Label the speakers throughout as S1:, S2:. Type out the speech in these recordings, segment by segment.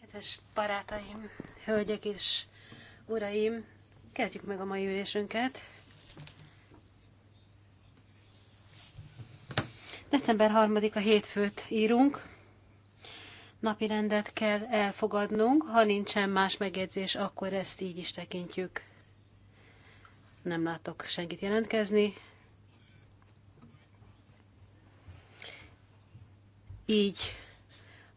S1: Kedves barátaim, hölgyek és uraim, kezdjük meg a mai ülésünket. December 3-a hétfőt írunk. Napi rendet kell elfogadnunk, ha nincsen más megjegyzés, akkor ezt így is tekintjük. Nem látok senkit jelentkezni. Így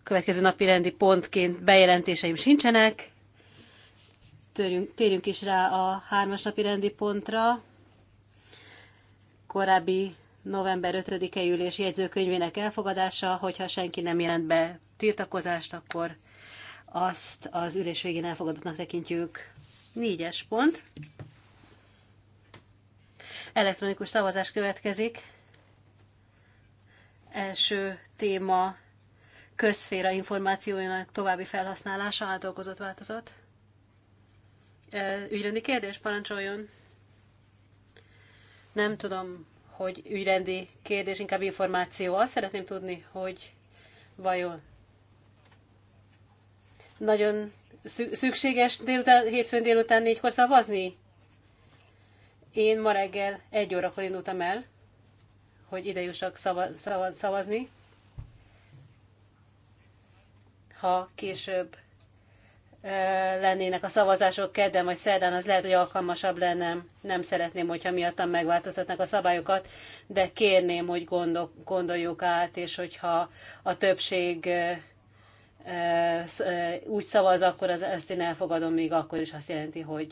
S1: következő napi rendi pontként bejelentéseim sincsenek. Törjünk, térjünk is rá a hármas napi rendi pontra. Korábbi november 5-e ülés jegyzőkönyvének elfogadása, hogyha senki nem jelent be tiltakozást, akkor azt az ülés végén elfogadottnak tekintjük. Négyes pont. Elektronikus szavazás következik. Első téma közszféra információjának további felhasználása átdolgozott változat. Ügyrendi kérdés, parancsoljon. Nem tudom, hogy ügyrendi kérdés, inkább információ. Azt szeretném tudni, hogy vajon nagyon szükséges délután, hétfőn délután négykor szavazni? Én ma reggel egy órakor indultam el, hogy ide jussak szava, szava, szavazni ha később lennének a szavazások kedden vagy szerdán, az lehet, hogy alkalmasabb lenne. Nem szeretném, hogyha miattam megváltoztatnak a szabályokat, de kérném, hogy gondoljuk át, és hogyha a többség úgy szavaz, akkor az, ezt én elfogadom még akkor is azt jelenti, hogy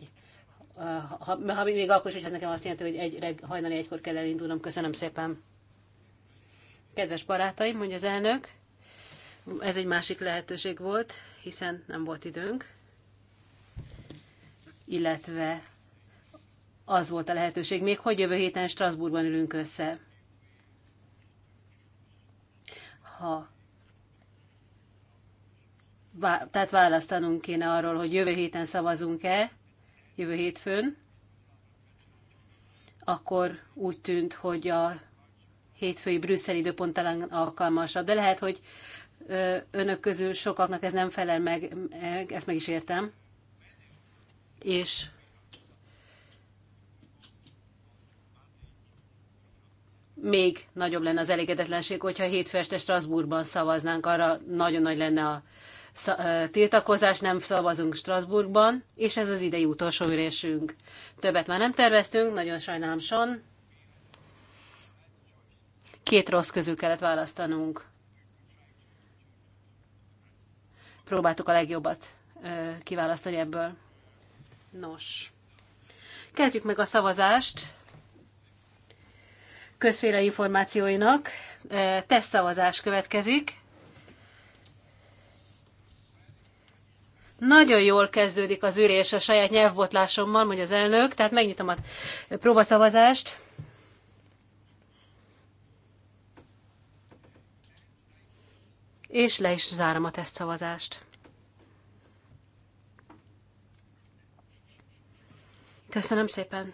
S1: ha, ha még akkor is, hogy ez nekem azt jelenti, hogy egy, reg, hajnali egykor kell elindulnom. Köszönöm szépen. Kedves barátaim, mondja az elnök. Ez egy másik lehetőség volt, hiszen nem volt időnk, illetve az volt a lehetőség még, hogy jövő héten Strasbourgban ülünk össze. Ha Vá tehát választanunk kéne arról, hogy jövő héten szavazunk-e, jövő hétfőn, akkor úgy tűnt, hogy a hétfői brüsszeli időpont talán alkalmasabb, de lehet, hogy önök közül sokaknak ez nem felel meg, ezt meg is értem. És még nagyobb lenne az elégedetlenség, hogyha hétfő este Strasbourgban szavaznánk, arra nagyon nagy lenne a tiltakozás, nem szavazunk Strasbourgban, és ez az idei utolsó ülésünk. Többet már nem terveztünk, nagyon sajnálom, Son. Két rossz közül kellett választanunk. próbáltuk a legjobbat kiválasztani ebből. Nos, kezdjük meg a szavazást közféle információinak. szavazás következik. Nagyon jól kezdődik az ürés a saját nyelvbotlásommal, mondja az elnök, tehát megnyitom a próbaszavazást. és le is zárom a tesztszavazást. Köszönöm szépen!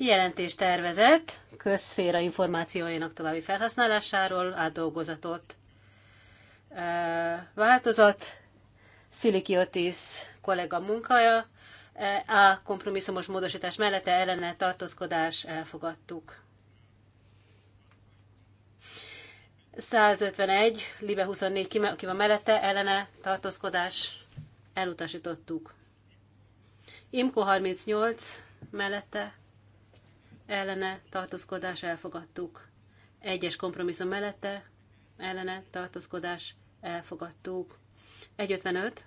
S1: jelentés tervezett közszféra információinak további felhasználásáról, átdolgozatot. Változat, Otis kollega munkája, A kompromisszumos módosítás mellette ellene tartózkodás elfogadtuk. 151, Libe 24, ki van mellette, ellene tartózkodás, elutasítottuk. Imko 38, mellette, ellene tartózkodás, elfogadtuk. Egyes kompromisszum mellette, ellene tartózkodás, elfogadtuk. 155,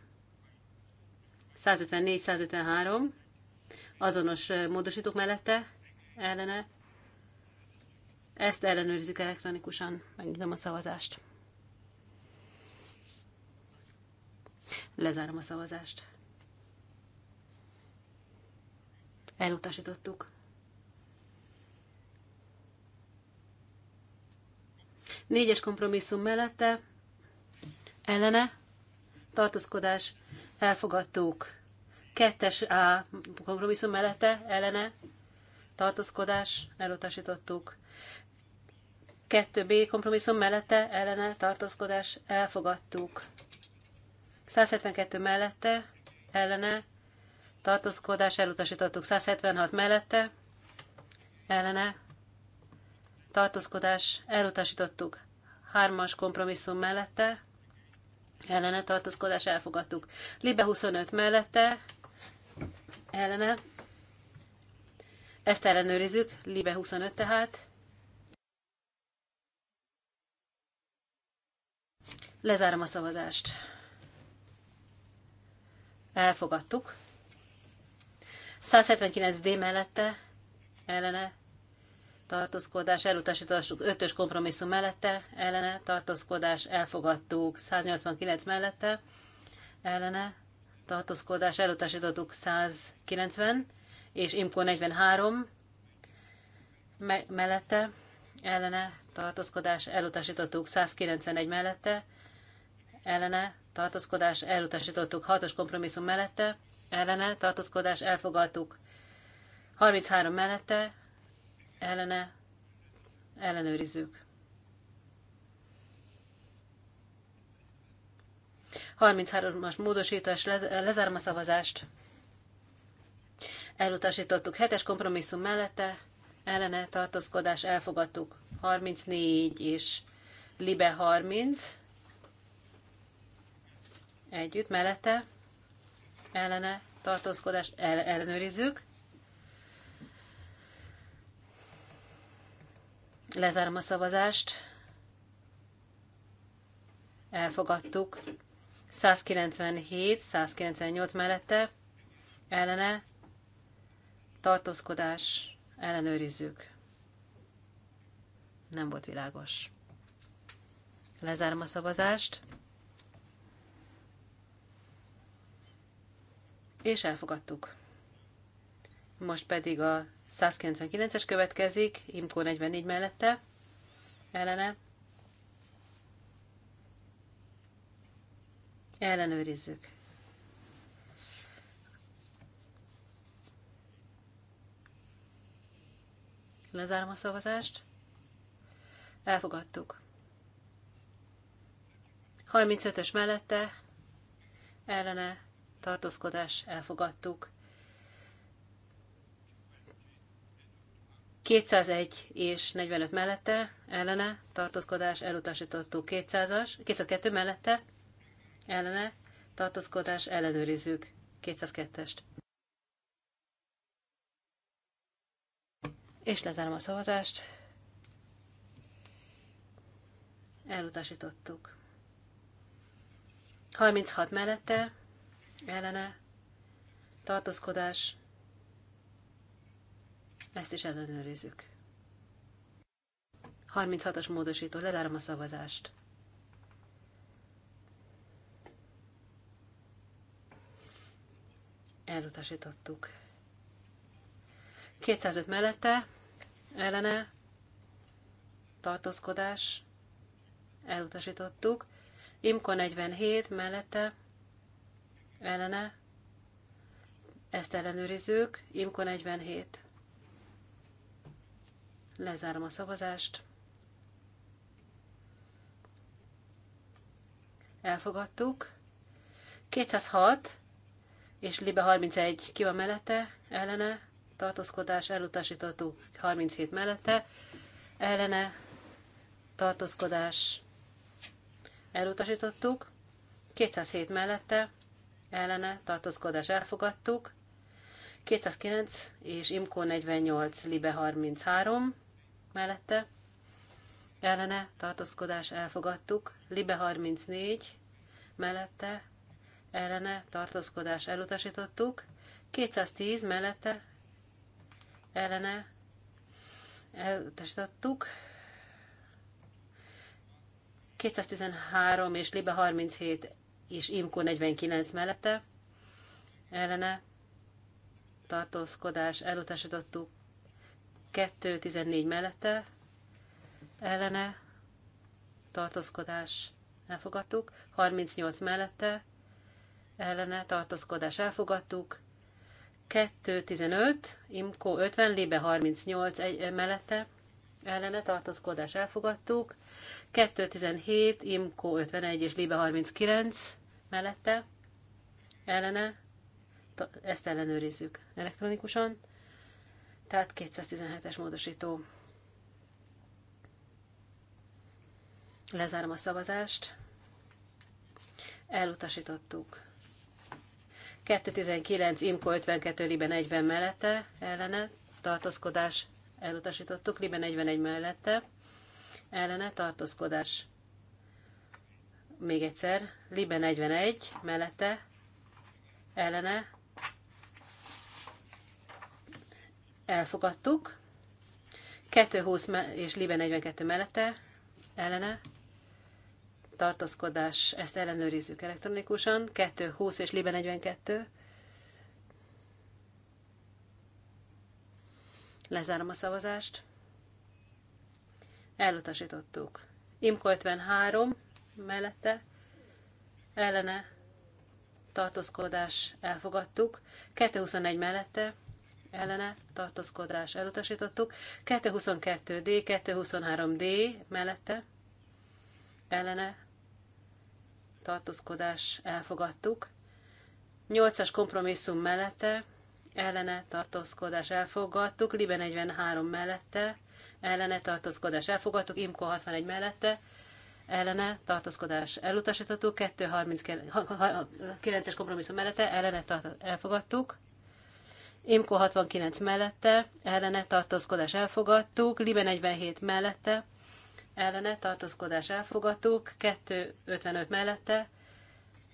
S1: 154, 153, azonos eh, módosítók mellette, ellene ezt ellenőrizzük elektronikusan. Megnyitom a szavazást. Lezárom a szavazást. Elutasítottuk. Négyes kompromisszum mellette ellene tartózkodás elfogadtuk. Kettes A kompromisszum mellette ellene tartózkodás elutasítottuk. 2B kompromisszum mellette ellene tartózkodás elfogadtuk. 172 mellette ellene tartózkodás elutasítottuk. 176 mellette ellene tartózkodás elutasítottuk. 3-as kompromisszum mellette ellene tartózkodás elfogadtuk. Libe 25 mellette ellene ezt ellenőrizzük, Libe 25 tehát. Lezárom a szavazást. Elfogadtuk. 179 D mellette ellene tartózkodás, elutasítottuk 5-ös kompromisszum mellette, ellene tartózkodás, elfogadtuk 189 mellette, ellene tartózkodás, elutasítottuk 190, és IMCO 43 me- mellette, ellene tartózkodás, elutasítottuk 191 mellette, ellene tartózkodás elutasítottuk, hatos kompromisszum mellette ellene tartózkodás elfogadtuk, 33 mellette ellene ellenőrizzük. 33-as módosítás, lezárom a szavazást. Elutasítottuk hetes kompromisszum mellette, ellene tartózkodás elfogadtuk 34 és Libe 30 együtt, mellette, ellene, tartózkodás, el, ellenőrizzük. Lezárom a szavazást. Elfogadtuk. 197, 198 mellette, ellene, tartózkodás, ellenőrizzük. Nem volt világos. Lezárom a szavazást. és elfogadtuk. Most pedig a 199-es következik, Imkó 44 mellette, ellene. Ellenőrizzük. Lezárom a szavazást. Elfogadtuk. 35-ös mellette, ellene tartózkodás elfogadtuk. 201 és 45 mellette ellene tartózkodás elutasítottuk. 200-as, 202 mellette ellene tartózkodás ellenőrizzük. 202-est. És lezárom a szavazást. Elutasítottuk. 36 mellette ellene tartózkodás, ezt is ellenőrizzük. 36-as módosító, lezárom a szavazást. Elutasítottuk. 205 mellette, ellene, tartózkodás, elutasítottuk. Imko 47 mellette, ellene, ezt ellenőrizzük, IMKO 47. Lezárom a szavazást. Elfogadtuk. 206 és Libe 31 ki van mellette, ellene, tartózkodás, elutasítottuk 37 mellette, ellene, tartózkodás, elutasítottuk, 207 mellette, ellene tartózkodás elfogadtuk. 209 és Imkó 48, Libe 33 mellette ellene tartózkodás elfogadtuk. Libe 34 mellette ellene tartózkodás elutasítottuk. 210 mellette ellene elutasítottuk. 213 és Libe 37 és IMCO 49 mellette ellene tartózkodás elutasítottuk 2.14 mellette ellene tartózkodás elfogadtuk, 38 mellette ellene tartózkodás elfogadtuk, 2.15, Imko 50, Libe 38 egy, eh, mellette ellene tartózkodás elfogadtuk, 2.17, Imko 51 és Libe 39 mellette, ellene, ezt ellenőrizzük elektronikusan, tehát 217-es módosító. Lezárom a szavazást. Elutasítottuk. 219 Imko 52 Libe 40 mellette ellene tartózkodás elutasítottuk, Libe 41 mellette ellene tartózkodás még egyszer, Libe 41, mellette, ellene, elfogadtuk. 220 és Libe 42 mellette, ellene, tartózkodás, ezt ellenőrizzük elektronikusan. 220 és Libe 42. Lezárom a szavazást. Elutasítottuk. Imko 53 mellette ellene tartózkodás elfogadtuk, 221 mellette ellene tartózkodás elutasítottuk, 222D, 223D mellette ellene tartózkodás elfogadtuk, 8-as kompromisszum mellette ellene tartózkodás elfogadtuk, Libe 43 mellette ellene tartózkodás elfogadtuk, Imko 61 mellette ellene tartózkodás elutasítottuk, 239-es kompromisszum mellette ellene elfogadtuk, Imko 69 mellette ellene tartózkodás elfogadtuk, Libe 47 mellette ellene tartózkodás elfogadtuk, 255 mellette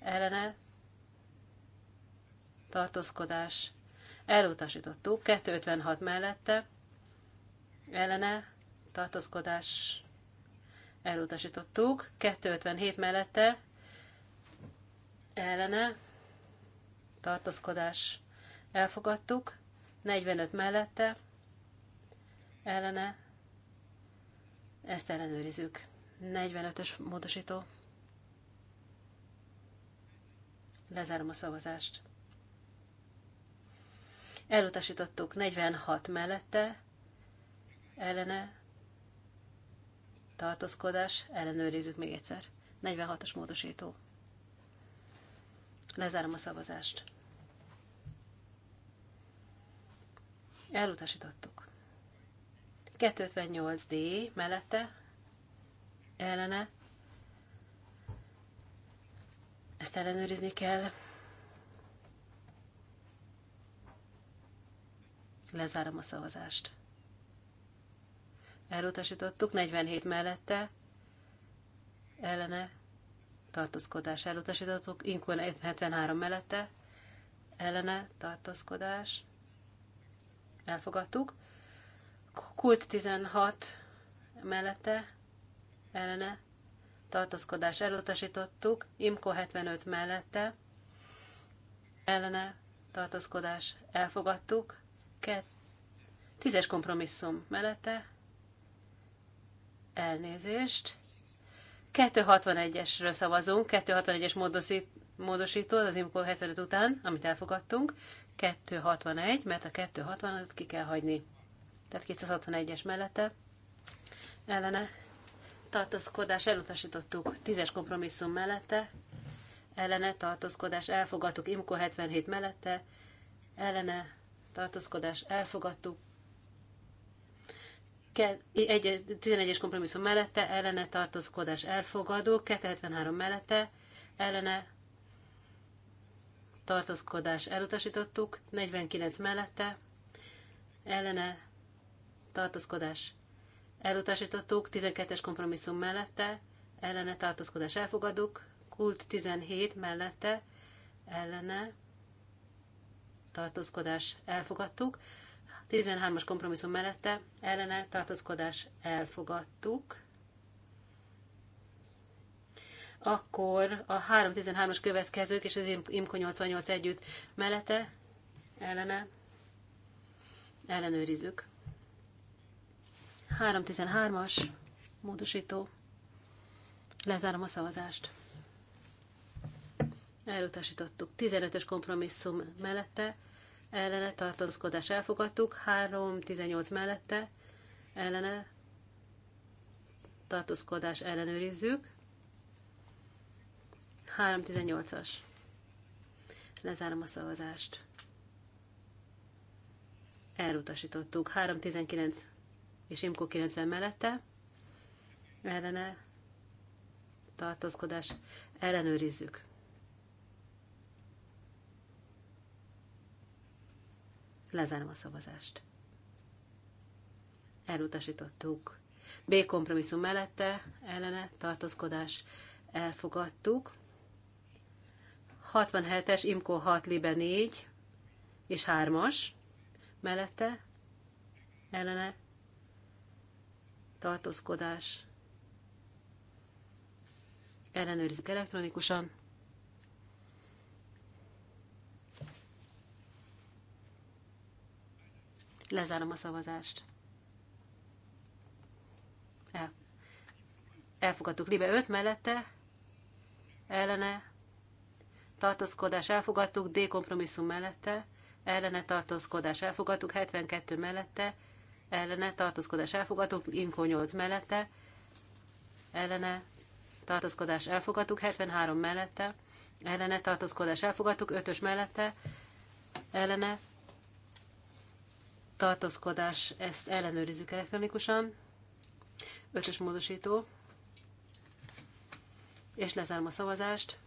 S1: ellene tartózkodás elutasítottuk, 256 mellette ellene tartózkodás elutasítottuk, 257 mellette ellene tartózkodás elfogadtuk, 45 mellette ellene ezt ellenőrizzük. 45-ös módosító. Lezárom a szavazást. Elutasítottuk 46 mellette, ellene tartózkodás, ellenőrizzük még egyszer. 46-os módosító. Lezárom a szavazást. Elutasítottuk. 258D mellette, ellene. Ezt ellenőrizni kell. Lezárom a szavazást elutasítottuk, 47 mellette ellene tartózkodás elutasítottuk, inkor 73 mellette ellene tartózkodás elfogadtuk, Kult 16 mellette ellene tartózkodás elutasítottuk, Imko 75 mellette ellene tartózkodás elfogadtuk, Ket, tízes kompromisszum mellette Elnézést. 261-esről szavazunk, 261-es módosít, módosító az IMCO 75 után, amit elfogadtunk. 261, mert a 260-at ki kell hagyni. Tehát 261-es mellette ellene tartózkodás elutasítottuk 10-es kompromisszum mellette, ellene tartózkodás elfogadtuk IMCO 77 mellette, ellene tartózkodás elfogadtuk 11-es kompromisszum mellette, ellene tartózkodás elfogadó, 273 mellette, ellene tartózkodás elutasítottuk, 49 mellette, ellene tartózkodás elutasítottuk, 12-es kompromisszum mellette, ellene tartózkodás elfogadók, kult 17 mellette, ellene tartózkodás elfogadtuk, 13-as kompromisszum mellette ellene tartózkodás elfogadtuk. Akkor a 3.13-as következők és az IMKO 88 együtt mellette ellene ellenőrizzük. 3.13-as módosító. Lezárom a szavazást. Elutasítottuk. 15-ös kompromisszum mellette ellene tartózkodás elfogadtuk, 3.18 mellette ellene tartózkodás ellenőrizzük, 318 as Lezárom a szavazást. Elutasítottuk. 3.19 és Imko 90 mellette ellene tartózkodás ellenőrizzük. Lezárom a szavazást. Elutasítottuk. B kompromisszum mellette, ellene, tartózkodás, elfogadtuk. 67-es, Imko 6, Libe 4 és 3-as mellette, ellene, tartózkodás, ellenőrizik elektronikusan. Lezárom a szavazást. El. Elfogadtuk. Libe 5 mellette, ellene, tartózkodás elfogadtuk, D kompromisszum mellette, ellene tartózkodás elfogadtuk, 72 mellette, ellene tartózkodás elfogadtuk, Inko 8 mellette, ellene tartózkodás elfogadtuk, 73 mellette, ellene tartózkodás elfogadtuk, 5-ös mellette, ellene tartózkodás, ezt ellenőrizzük elektronikusan. Ötös módosító. És lezárom a szavazást.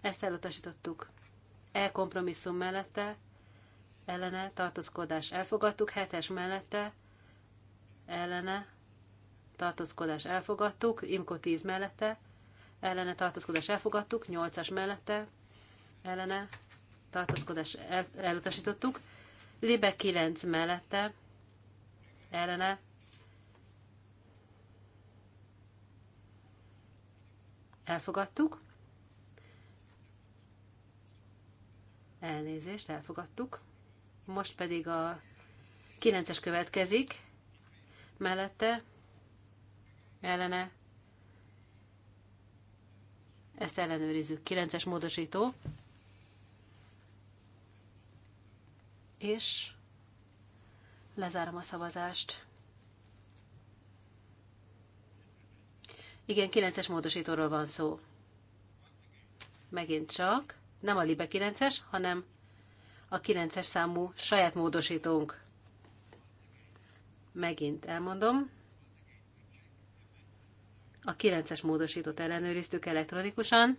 S1: Ezt elutasítottuk. E kompromisszum mellette, ellene, tartózkodás elfogadtuk, hetes mellette, ellene, tartózkodás elfogadtuk, Imko 10 mellette, ellene tartózkodás elfogadtuk, nyolcas mellette, ellene tartózkodás el, elutasítottuk, Libe 9 mellette, ellene, elfogadtuk, elnézést, elfogadtuk, most pedig a 9-es következik, mellette, ellene, ezt ellenőrizzük, 9-es módosító, és lezárom a szavazást. Igen, 9-es módosítóról van szó. Megint csak, nem a Libe 9-es, hanem a 9-es számú saját módosítónk. Megint elmondom. A 9-es módosítót ellenőriztük elektronikusan.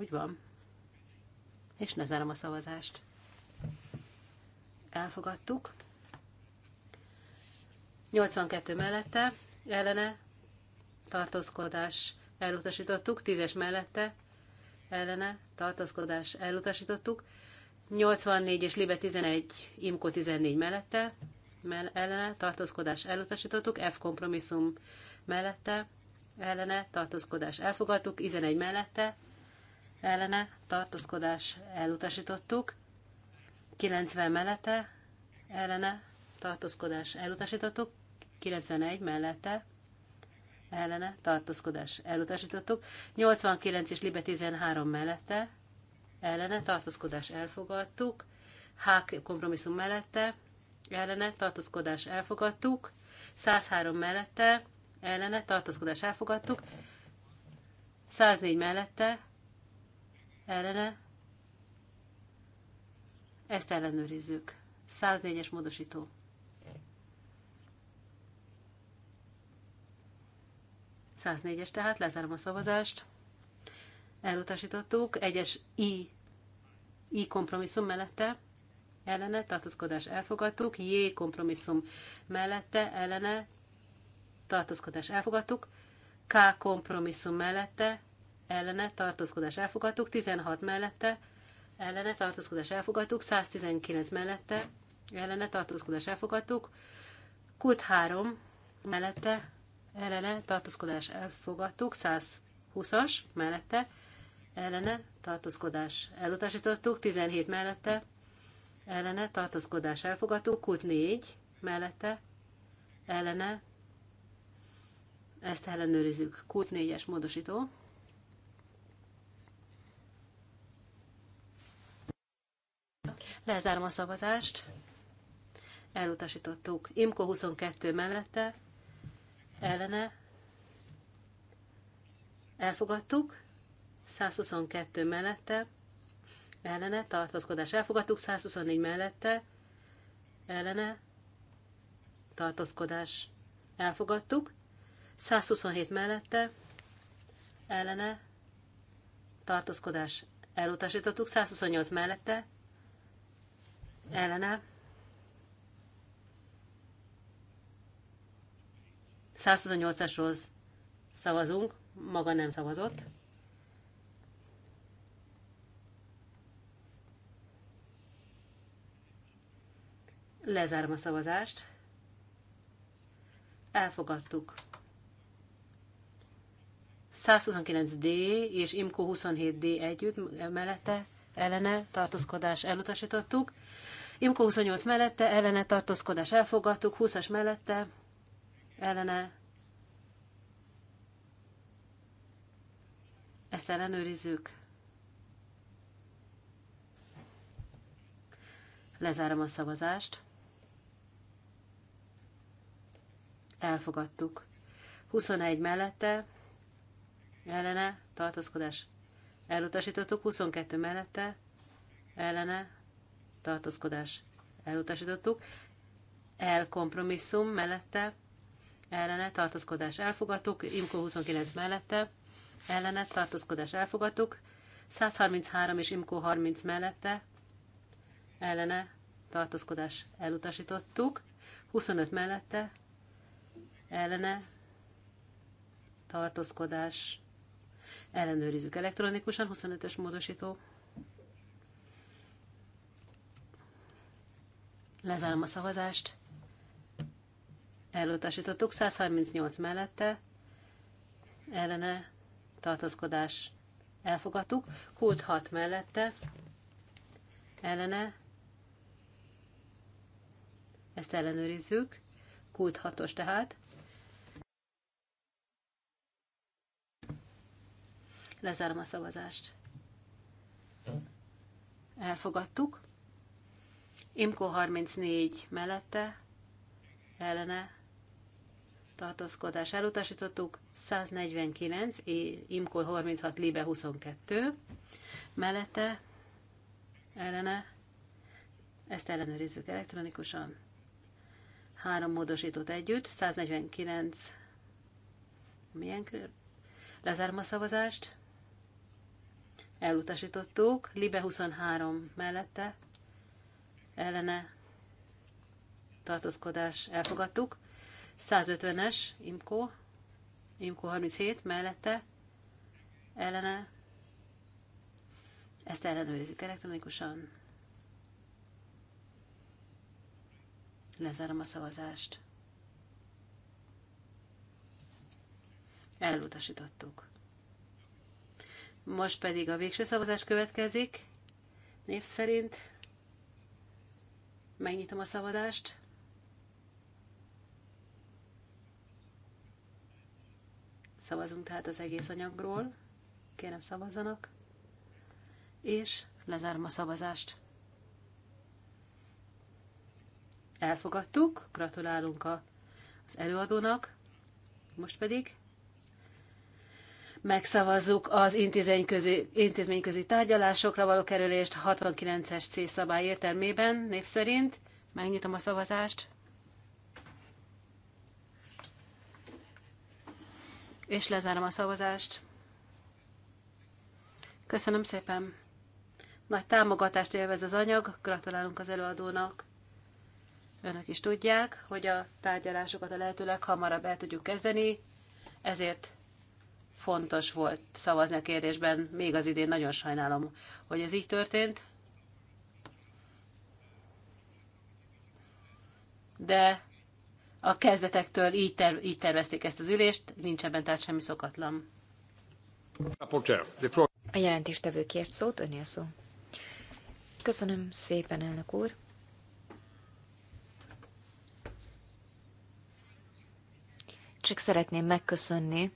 S1: Úgy van. És zárom a szavazást. Elfogadtuk. 82 mellette, ellene, tartózkodás elutasítottuk, 10-es mellette, ellene, tartózkodás elutasítottuk, 84 és Libe 11, Imko 14 mellette, mell- ellene, tartózkodás elutasítottuk, F kompromisszum mellette, ellene, tartózkodás elfogadtuk, 11 mellette, ellene tartózkodás elutasítottuk, 90 mellette ellene tartózkodás elutasítottuk, 91 mellette ellene tartózkodás elutasítottuk, 89 és Libe 13 mellette ellene tartózkodás elfogadtuk, H kompromisszum mellette ellene tartózkodás elfogadtuk, 103 mellette ellene tartózkodás elfogadtuk, 104 mellette le. Ezt ellenőrizzük. 104-es módosító. es tehát lezárom a szavazást. Elutasítottuk. Egyes I, I kompromisszum mellette ellene, tartózkodás elfogadtuk. J kompromisszum mellette ellene, tartózkodás elfogadtuk. K kompromisszum mellette ellene tartózkodás elfogadtuk, 16 mellette ellene tartózkodás elfogadtuk, 119 mellette ellene tartózkodás elfogadtuk, kult 3 mellette ellene tartózkodás elfogadtuk, 120-as mellette ellene tartózkodás elutasítottuk, 17 mellette ellene tartózkodás elfogadtuk, kult 4 mellette ellene ezt ellenőrizzük. Kult 4-es módosító. Lezárom a szavazást. Elutasítottuk. Imko 22 mellette, ellene. Elfogadtuk. 122 mellette, ellene. Tartózkodás elfogadtuk. 124 mellette, ellene. Tartózkodás elfogadtuk. 127 mellette, ellene. Tartózkodás elutasítottuk. 128 mellette, ellene. 128-ashoz szavazunk, maga nem szavazott. Lezárom a szavazást. Elfogadtuk. 129D és IMCO 27D együtt mellette ellene tartózkodás elutasítottuk. Imko 28 mellette, ellene tartózkodás elfogadtuk, 20-as mellette, ellene ezt ellenőrizzük. Lezárom a szavazást. Elfogadtuk. 21 mellette, ellene, tartózkodás. Elutasítottuk 22 mellette, ellene, tartózkodás elutasítottuk, el kompromisszum mellette, ellene tartózkodás elfogadtuk, IMKO 29 mellette, ellene tartózkodás elfogadtuk, 133 és IMKO 30 mellette, ellene tartózkodás elutasítottuk, 25 mellette, ellene tartózkodás ellenőrizzük elektronikusan, 25-ös módosító. Lezárom a szavazást. Elutasítottuk 138 mellette, ellene tartózkodás elfogadtuk, kult 6 mellette, ellene, ezt ellenőrizzük, kult 6-os tehát. Lezárom a szavazást. Elfogadtuk. Imko 34 mellette, ellene tartózkodás elutasítottuk, 149, Imko 36, Libe 22, mellette, ellene, ezt ellenőrizzük elektronikusan, három módosított együtt, 149, milyen kör? Lezárom a szavazást, elutasítottuk, Libe 23 mellette, ellene tartózkodás elfogadtuk. 150-es IMCO, IMCO 37 mellette ellene. Ezt ellenőrizzük elektronikusan. Lezárom a szavazást. Elutasítottuk. Most pedig a végső szavazás következik. Név szerint Megnyitom a szavazást. Szavazunk tehát az egész anyagról. Kérem szavazzanak. És lezárom a szavazást. Elfogadtuk, gratulálunk az előadónak, most pedig megszavazzuk az intézményközi, intézményközi tárgyalásokra való kerülést 69-es C szabály értelmében, név szerint. Megnyitom a szavazást. És lezárom a szavazást. Köszönöm szépen. Nagy támogatást élvez az anyag, gratulálunk az előadónak. Önök is tudják, hogy a tárgyalásokat a lehető leghamarabb el tudjuk kezdeni, ezért fontos volt szavazni a kérdésben, még az idén nagyon sajnálom, hogy ez így történt. De a kezdetektől így, ter- így tervezték ezt az ülést, nincs ebben
S2: tehát semmi szokatlan. A jelentéstevő kért szót, a szó. Köszönöm szépen, elnök úr. Csak szeretném megköszönni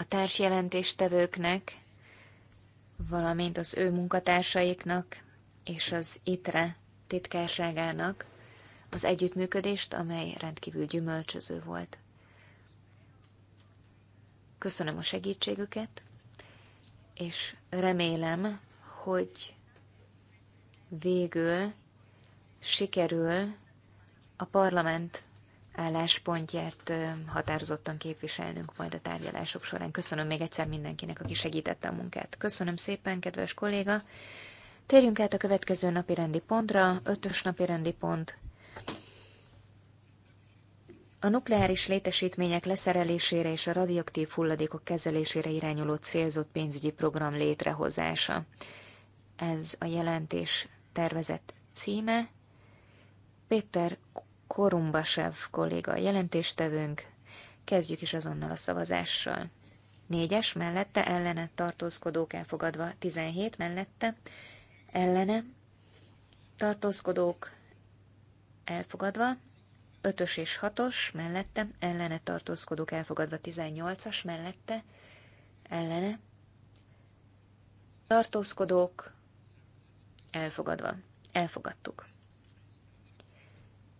S2: a társjelentéstevőknek, valamint az ő munkatársaiknak és az ITRE titkárságának az együttműködést, amely rendkívül gyümölcsöző volt. Köszönöm a segítségüket, és remélem, hogy végül sikerül a parlament álláspontját határozottan képviselnünk majd a tárgyalások során. Köszönöm még egyszer mindenkinek, aki segítette a munkát. Köszönöm szépen, kedves kolléga! Térjünk át a következő napi rendi pontra, ötös napi rendi pont. A nukleáris létesítmények leszerelésére és a radioaktív hulladékok kezelésére irányuló célzott pénzügyi program létrehozása. Ez a jelentés tervezett címe. Péter Korumbasev kolléga a jelentéstevőnk. Kezdjük is azonnal a szavazással. 4-es mellette ellene tartózkodók elfogadva, 17 mellette ellene tartózkodók elfogadva, 5-ös és 6-os mellette ellene tartózkodók elfogadva, 18-as mellette ellene tartózkodók elfogadva. Elfogadtuk.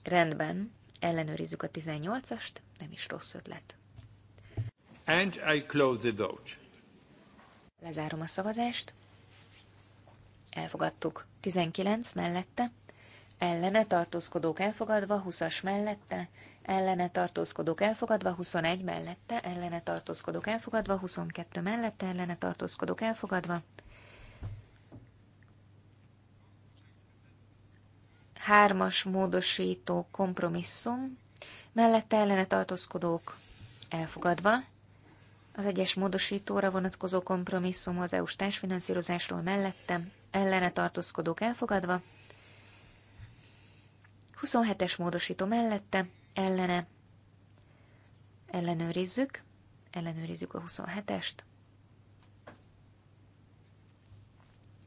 S2: Rendben, ellenőrizzük a 18-ast, nem is rossz ötlet.
S3: And I close the vote.
S2: Lezárom a szavazást. Elfogadtuk. 19 mellette, ellene tartózkodók elfogadva, 20-as mellette, ellene tartózkodók elfogadva, 21 mellette, ellene tartózkodók elfogadva, 22 mellette, ellene tartózkodók elfogadva, hármas módosító kompromisszum, mellette ellene tartózkodók elfogadva, az egyes módosítóra vonatkozó kompromisszum az EU-s társfinanszírozásról mellette, ellene tartózkodók elfogadva, 27-es módosító mellette, ellene ellenőrizzük, ellenőrizzük a 27-est,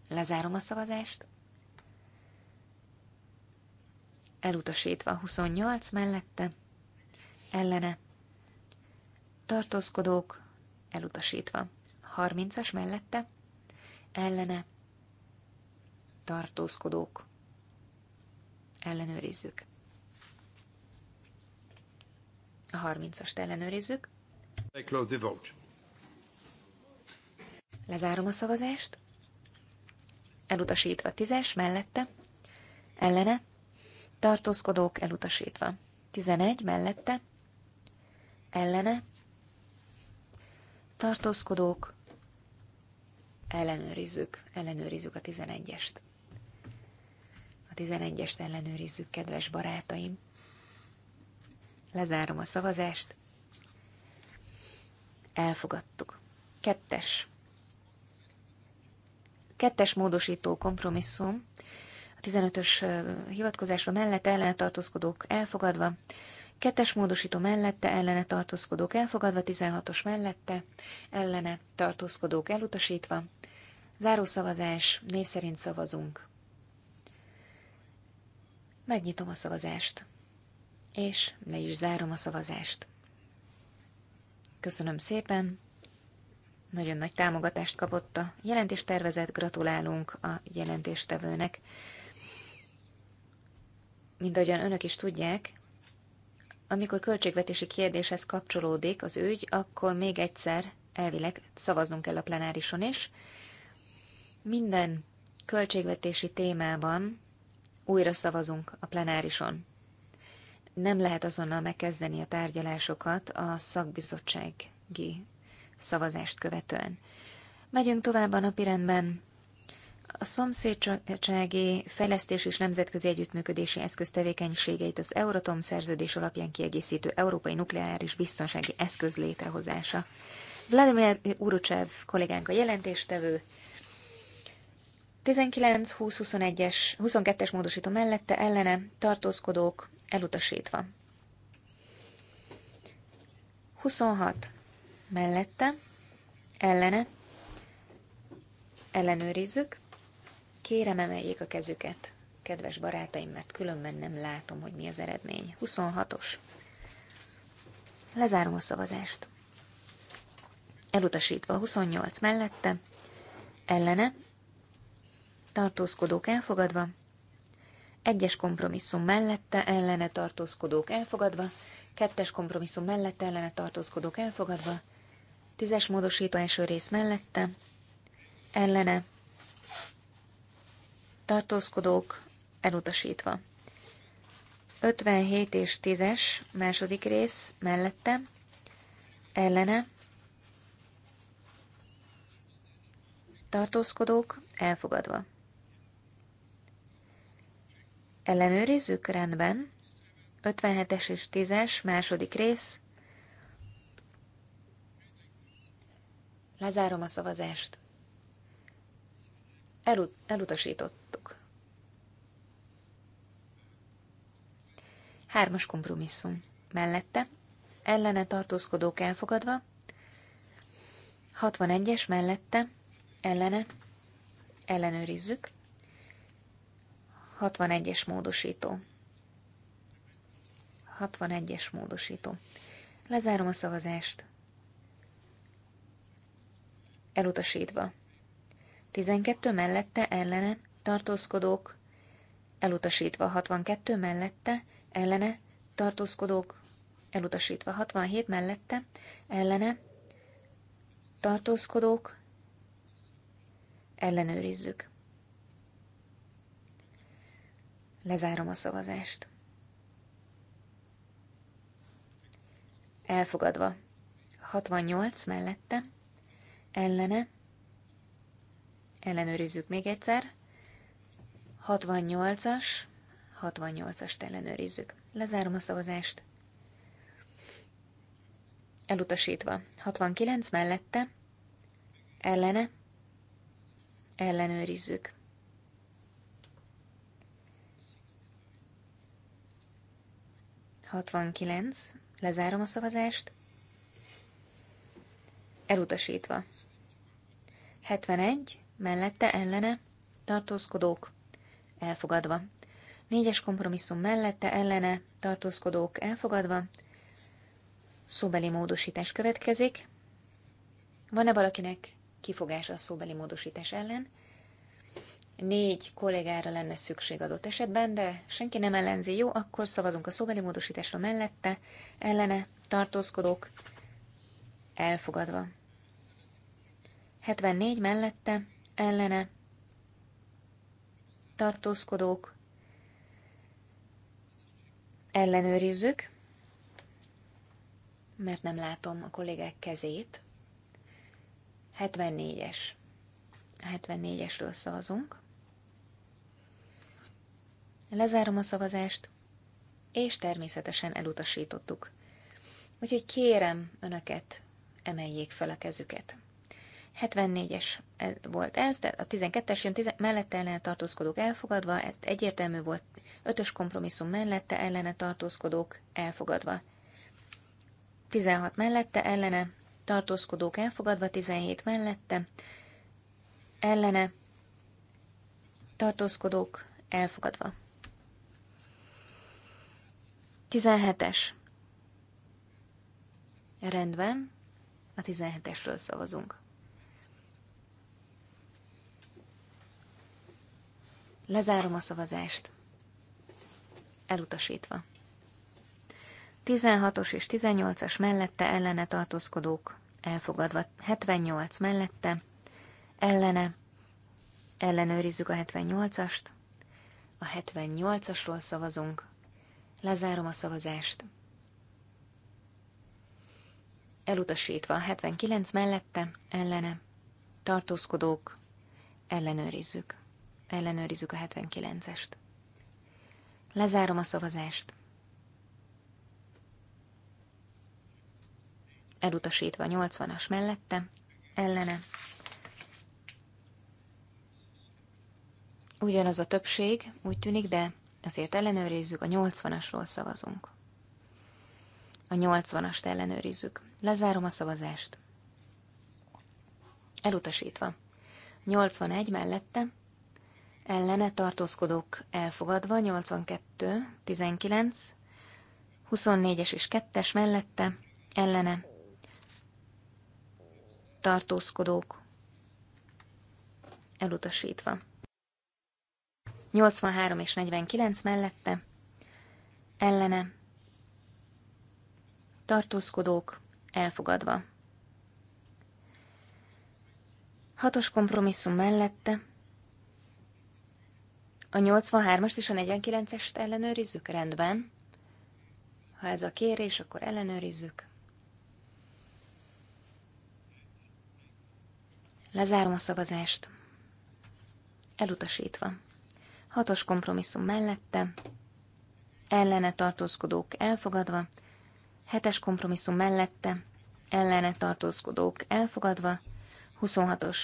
S2: lezárom a szavazást, elutasítva 28 mellette, ellene, tartózkodók, elutasítva 30-as mellette, ellene, tartózkodók, ellenőrizzük. A 30-ast ellenőrizzük.
S3: I close the vote.
S2: Lezárom a szavazást. Elutasítva 10-es mellette, ellene, tartózkodók elutasítva. 11 mellette, ellene, tartózkodók, ellenőrizzük, ellenőrizzük a 11-est. A 11-est ellenőrizzük, kedves barátaim. Lezárom a szavazást. Elfogadtuk. Kettes. Kettes módosító kompromisszum 15-ös hivatkozásra mellette ellene tartózkodók elfogadva, kettes módosító mellette ellene tartózkodók elfogadva, 16-os mellette ellene tartózkodók elutasítva. Zárószavazás, név szerint szavazunk. Megnyitom a szavazást, és le is zárom a szavazást. Köszönöm szépen! Nagyon nagy támogatást kapott a jelentéstervezet, gratulálunk a jelentéstevőnek. Mint ahogyan önök is tudják, amikor költségvetési kérdéshez kapcsolódik az ügy, akkor még egyszer elvileg szavazunk el a plenárison is. Minden költségvetési témában újra szavazunk a plenárison. Nem lehet azonnal megkezdeni a tárgyalásokat a szakbizottsági szavazást követően. Megyünk tovább a napirendben a szomszédsági fejlesztés és nemzetközi együttműködési eszköz tevékenységeit az Euratom szerződés alapján kiegészítő európai nukleáris biztonsági eszköz létrehozása. Vladimir Urucsev kollégánk a jelentéstevő, 19-20-21-es, 22-es módosító mellette ellene tartózkodók elutasítva. 26 mellette ellene ellenőrizzük. Kérem, emeljék a kezüket, kedves barátaim, mert különben nem látom, hogy mi az eredmény. 26-os. Lezárom a szavazást. Elutasítva 28 mellette, ellene, tartózkodók elfogadva, egyes kompromisszum mellette, ellene tartózkodók elfogadva, kettes kompromisszum mellette, ellene tartózkodók elfogadva, tízes módosító első rész mellette, ellene tartózkodók elutasítva. 57 és 10-es második rész mellette, ellene, tartózkodók elfogadva. Ellenőrizzük rendben. 57-es és 10-es második rész. Lezárom a szavazást. Elut- elutasított. Hármas kompromisszum. Mellette, ellene tartózkodók elfogadva, 61-es mellette, ellene, ellenőrizzük, 61-es módosító. 61-es módosító. Lezárom a szavazást. Elutasítva. 12 mellette, ellene, tartózkodók, elutasítva 62 mellette, ellene, tartózkodók elutasítva 67 mellette, ellene, tartózkodók ellenőrizzük. Lezárom a szavazást. Elfogadva. 68 mellette, ellene, ellenőrizzük még egyszer, 68-as, 68-ast ellenőrizzük. Lezárom a szavazást. Elutasítva. 69 mellette. Ellene. Ellenőrizzük. Hatvankilenc. Lezárom a szavazást. Elutasítva. 71. Mellette ellene. Tartózkodók. Elfogadva. Négyes kompromisszum mellette ellene tartózkodók elfogadva. Szóbeli módosítás következik. Van-e valakinek kifogása a szóbeli módosítás ellen? Négy kollégára lenne szükség adott esetben, de senki nem ellenzi. Jó, akkor szavazunk a szóbeli módosításra mellette, ellene tartózkodók elfogadva. 74 mellette, ellene tartózkodók Ellenőrizzük, mert nem látom a kollégák kezét. 74-es. 74-esről szavazunk. Lezárom a szavazást, és természetesen elutasítottuk. Úgyhogy kérem önöket, emeljék fel a kezüket. 74-es volt ez, de a 12-es jön, mellette ellen tartózkodók elfogadva, egyértelmű volt ötös kompromisszum mellette ellene tartózkodók elfogadva. 16 mellette ellene tartózkodók elfogadva, 17 mellette ellene tartózkodók elfogadva. 17-es. Rendben, a 17-esről szavazunk. Lezárom a szavazást elutasítva. 16-os és 18-as mellette ellene tartózkodók elfogadva, 78 mellette ellene ellenőrizzük a 78-ast, a 78-asról szavazunk, lezárom a szavazást. Elutasítva a 79 mellette ellene tartózkodók ellenőrizzük, ellenőrizzük a 79-est. Lezárom a szavazást. Elutasítva 80-as mellette, ellene. Ugyanaz a többség, úgy tűnik, de azért ellenőrizzük, a 80-asról szavazunk. A 80-ast ellenőrizzük. Lezárom a szavazást. Elutasítva. 81 mellette, ellene tartózkodók elfogadva, 82, 19, 24-es és 2-es mellette, ellene tartózkodók elutasítva. 83 és 49 mellette, ellene tartózkodók elfogadva. Hatos kompromisszum mellette, a 83-ast és a 49-est ellenőrizzük? Rendben. Ha ez a kérés, akkor ellenőrizzük. Lezárom a szavazást. Elutasítva. Hatos kompromisszum mellette, ellene tartózkodók elfogadva, hetes kompromisszum mellette, ellene tartózkodók elfogadva, 26-os,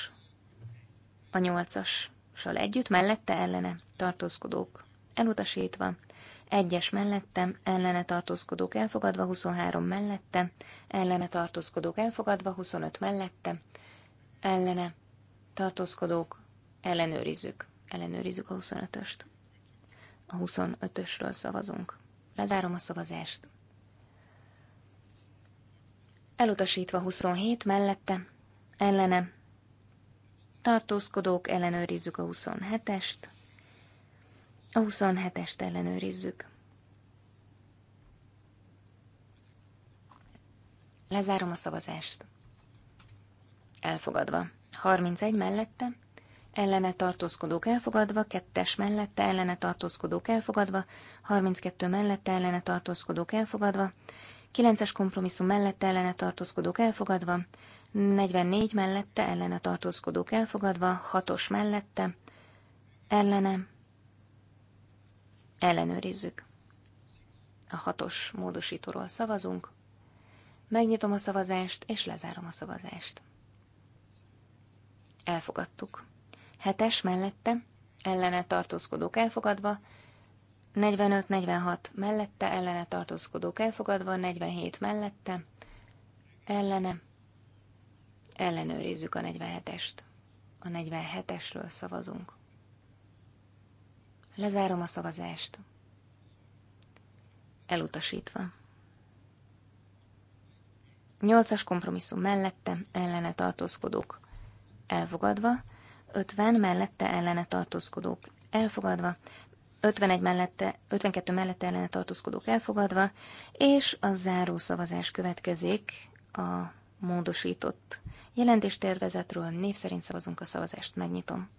S2: a 8-as együtt, mellette ellene tartózkodók elutasítva, egyes mellette ellene tartózkodók elfogadva, 23 mellette ellene tartózkodók elfogadva, 25 mellette ellene tartózkodók ellenőrizzük. Ellenőrizzük a 25-öst. A 25-ösről szavazunk. Lezárom a szavazást. Elutasítva 27 mellette, ellene tartózkodók, ellenőrizzük a 27-est, a 27-est ellenőrizzük. Lezárom a szavazást. Elfogadva. 31 mellette, ellene tartózkodók elfogadva, 2-es mellette ellene tartózkodók elfogadva, 32 mellette ellene tartózkodók elfogadva, 9-es kompromisszum mellette ellene tartózkodók elfogadva, 44 mellette ellene tartózkodók elfogadva, 6-os mellette ellene ellenőrizzük. A hatos módosítóról szavazunk. Megnyitom a szavazást, és lezárom a szavazást. Elfogadtuk. 7-es mellette, ellene tartózkodók elfogadva, 45-46 mellette, ellene tartózkodók elfogadva, 47 mellette, ellene Ellenőrizzük a 47-est. A 47-esről szavazunk. Lezárom a szavazást. Elutasítva. Nyolcas kompromisszum mellette ellene tartózkodók elfogadva, 50 mellette ellene tartózkodók elfogadva, 51 mellette, 52 mellette ellene tartózkodók elfogadva, és a záró szavazás következik a módosított Jelentéstervezetről név szerint szavazunk a szavazást, megnyitom.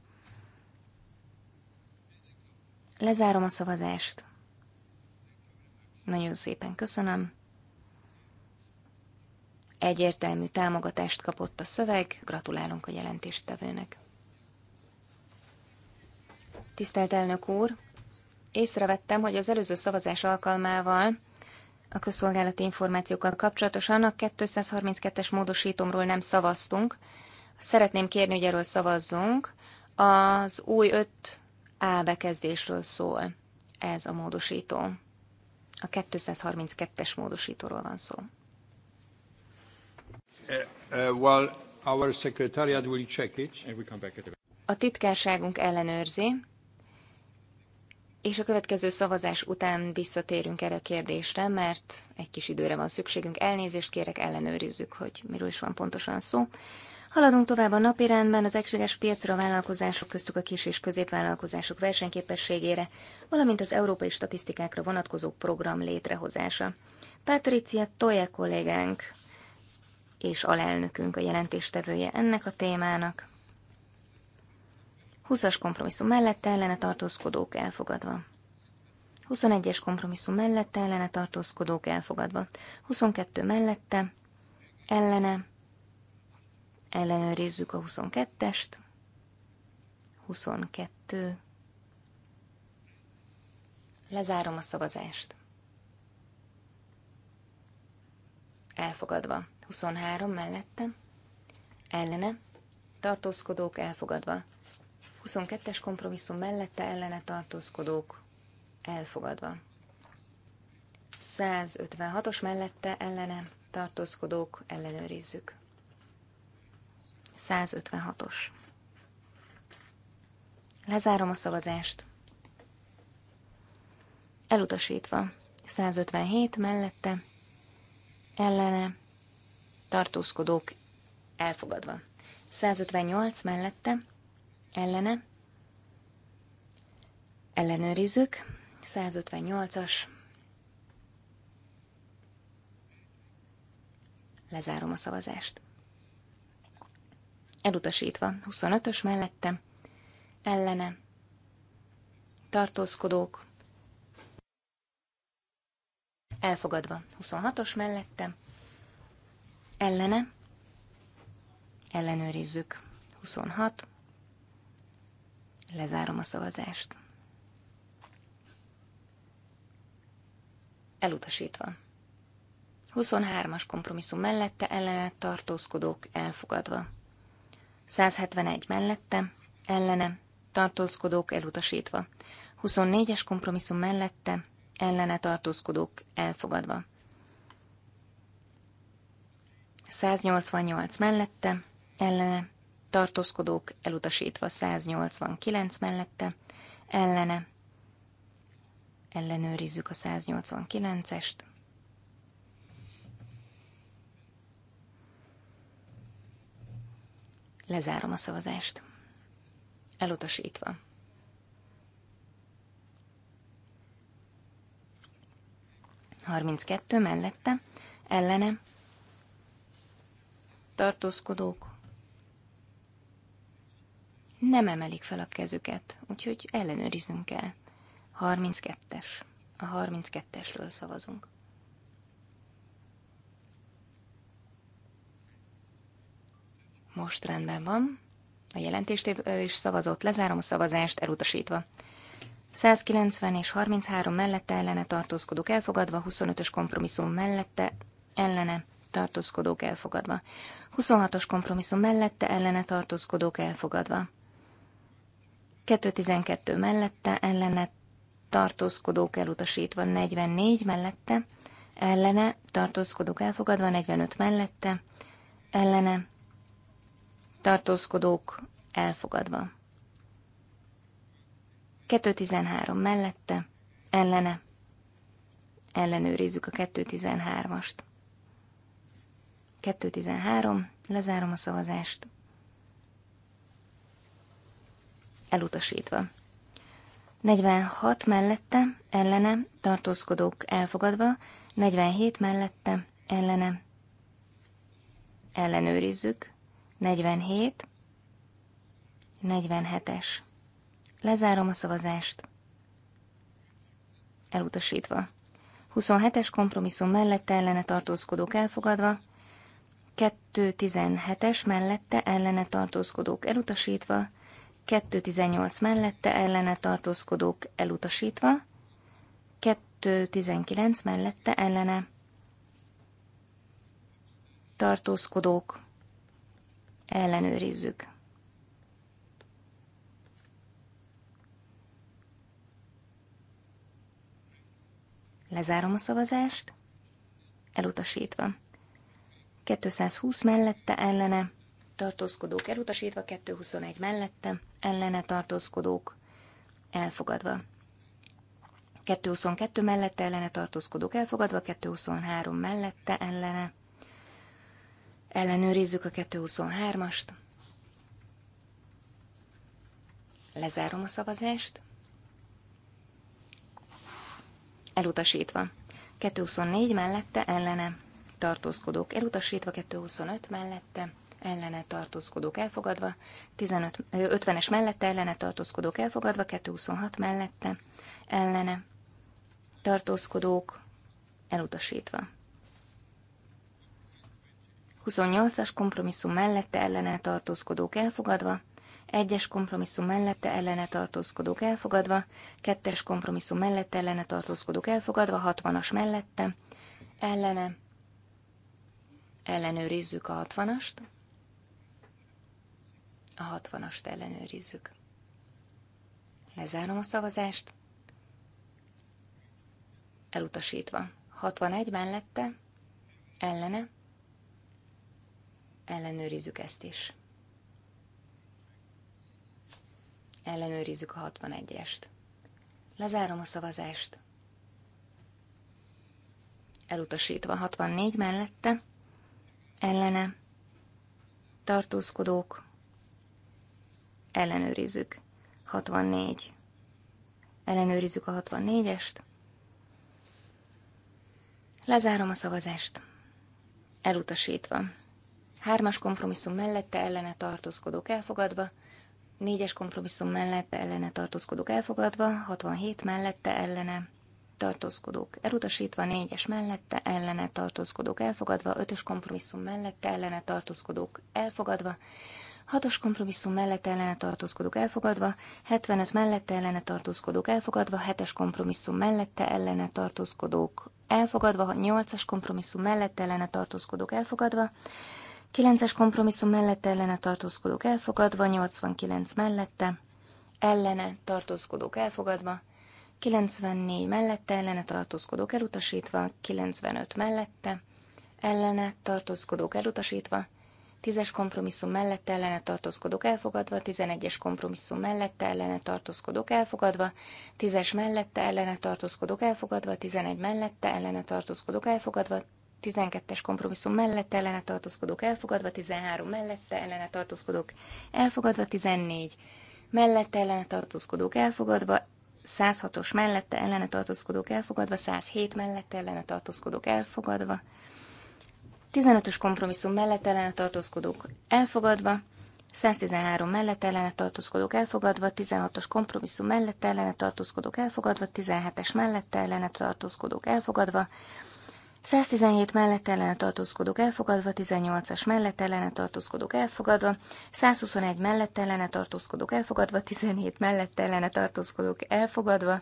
S2: Lezárom a szavazást. Nagyon szépen köszönöm. Egyértelmű támogatást kapott a szöveg, gratulálunk a jelentéstevőnek. Tisztelt elnök úr! Észrevettem, hogy az előző szavazás alkalmával a közszolgálati információkkal kapcsolatosan. A 232-es módosítomról nem szavaztunk. Szeretném kérni, hogy erről szavazzunk. Az új 5A bekezdésről szól ez a módosító. A 232-es módosítóról van szó.
S3: Eh, eh,
S2: a titkárságunk ellenőrzi, és a következő szavazás után visszatérünk erre a kérdésre, mert egy kis időre van szükségünk. Elnézést kérek, ellenőrizzük, hogy miről is van pontosan szó. Haladunk tovább a napi rendben az egységes piacra a vállalkozások köztük a kis és középvállalkozások versenyképességére, valamint az európai statisztikákra vonatkozó program létrehozása. Patricia Toje kollégánk és alelnökünk a jelentéstevője ennek a témának. 20-as kompromisszum mellette ellene tartózkodók elfogadva. 21-es kompromisszum mellette ellene tartózkodók elfogadva. 22 mellette ellene ellenőrizzük a 22-est. 22. Lezárom a szavazást. Elfogadva. 23 mellette. Ellene. Tartózkodók elfogadva. 22-es kompromisszum mellette ellene tartózkodók elfogadva. 156-os mellette ellene tartózkodók ellenőrizzük. 156-os. Lezárom a szavazást. Elutasítva. 157 mellette ellene tartózkodók elfogadva. 158 mellette ellene. Ellenőrizzük. 158-as. Lezárom a szavazást. Elutasítva. 25-ös mellette. Ellene. Tartózkodók. Elfogadva. 26-os mellette. Ellene. Ellenőrizzük. 26. Lezárom a szavazást. Elutasítva. 23-as kompromisszum mellette ellene tartózkodók elfogadva. 171 mellette ellene tartózkodók elutasítva. 24-es kompromisszum mellette ellene tartózkodók elfogadva. 188 mellette ellene tartózkodók elutasítva 189 mellette, ellene, ellenőrizzük a 189-est, lezárom a szavazást. Elutasítva. Harminckettő mellette, ellene, tartózkodók, nem emelik fel a kezüket, úgyhogy ellenőriznünk kell. 32-es. A 32-esről szavazunk. Most rendben van. A jelentést is szavazott, lezárom a szavazást, elutasítva. 190 és 33 mellette ellene tartózkodók elfogadva, 25-ös kompromisszum mellette ellene tartózkodók elfogadva. 26-os kompromisszum mellette ellene tartózkodók elfogadva. 212 mellette, ellene tartózkodók elutasítva 44 mellette, ellene tartózkodók elfogadva 45 mellette, ellene tartózkodók elfogadva. 213 mellette, ellene ellenőrizzük a 213-ast. 213, lezárom a szavazást. elutasítva. 46 mellette, ellene, tartózkodók elfogadva, 47 mellette, ellene. Ellenőrizzük. 47, 47-es. Lezárom a szavazást. Elutasítva. 27-es kompromisszum mellette ellene tartózkodók elfogadva, 2.17-es mellette ellene tartózkodók elutasítva, 218 mellette ellene tartózkodók elutasítva, 219 mellette ellene tartózkodók ellenőrizzük. Lezárom a szavazást, elutasítva. 220 mellette ellene, tartózkodók elutasítva, 221 mellette, ellene tartózkodók elfogadva. 222 mellette ellene tartózkodók elfogadva, 223 mellette ellene. Ellenőrizzük a 223-ast. Lezárom a szavazást. Elutasítva. 224 mellette ellene tartózkodók elutasítva, 225 mellette ellene tartózkodók elfogadva, 15, 50-es mellette ellene tartózkodók elfogadva, 226 mellette ellene tartózkodók elutasítva. 28-as kompromisszum mellette ellene tartózkodók elfogadva, 1-es kompromisszum mellette ellene tartózkodók elfogadva, 2-es kompromisszum mellette ellene tartózkodók elfogadva, 60-as mellette ellene ellenőrizzük a 60-ast. A 60-ast ellenőrizzük. Lezárom a szavazást. Elutasítva. 61 mellette, ellene. Ellenőrizzük ezt is. Ellenőrizzük a 61-est. Lezárom a szavazást. Elutasítva 64 mellette, ellene, tartózkodók, ellenőrizzük. 64. Ellenőrizzük a 64-est. Lezárom a szavazást. Elutasítva. Hármas kompromisszum mellette ellene tartózkodók elfogadva, négyes kompromisszum mellette ellene tartózkodók elfogadva, 67 mellette ellene tartózkodók elutasítva, négyes mellette ellene tartózkodók elfogadva, ötös kompromisszum mellette ellene tartózkodók elfogadva, Hatos kompromisszum mellett ellene tartózkodók elfogadva, 75 mellette ellene tartózkodók elfogadva, hetes kompromisszum mellette ellene tartózkodók elfogadva, 8-as kompromisszum mellette ellene tartózkodók elfogadva, 9-es kompromisszum mellette ellene tartózkodók elfogadva, 89 mellette ellene tartózkodók elfogadva, 94 mellette ellene tartózkodók elutasítva, 95 mellette ellene tartózkodók elutasítva, Tízes kompromisszum mellette ellene tartózkodok elfogadva, tizenegyes kompromisszum mellette ellene tartózkodok elfogadva, tízes mellette ellene tartózkodok elfogadva, tizenegy mellette ellene tartózkodok elfogadva, 12-es kompromisszum mellette ellene tartózkodok elfogadva, 13 mellette ellene tartózkodok elfogadva, 14 mellette ellene tartózkodok elfogadva, 106-os mellette ellene tartózkodok elfogadva, 107 mellette ellene tartózkodok elfogadva, 15-ös kompromisszum mellett ellene tartózkodók elfogadva, 113 mellett ellene tartózkodók elfogadva, 16-os kompromisszum mellett ellene tartózkodók elfogadva, 17-es mellett ellene tartózkodók elfogadva, 117 mellett ellene tartózkodók elfogadva, 18-as mellett ellene tartózkodók elfogadva, 121 mellett ellene tartózkodók elfogadva, 17 mellett ellene tartózkodók elfogadva,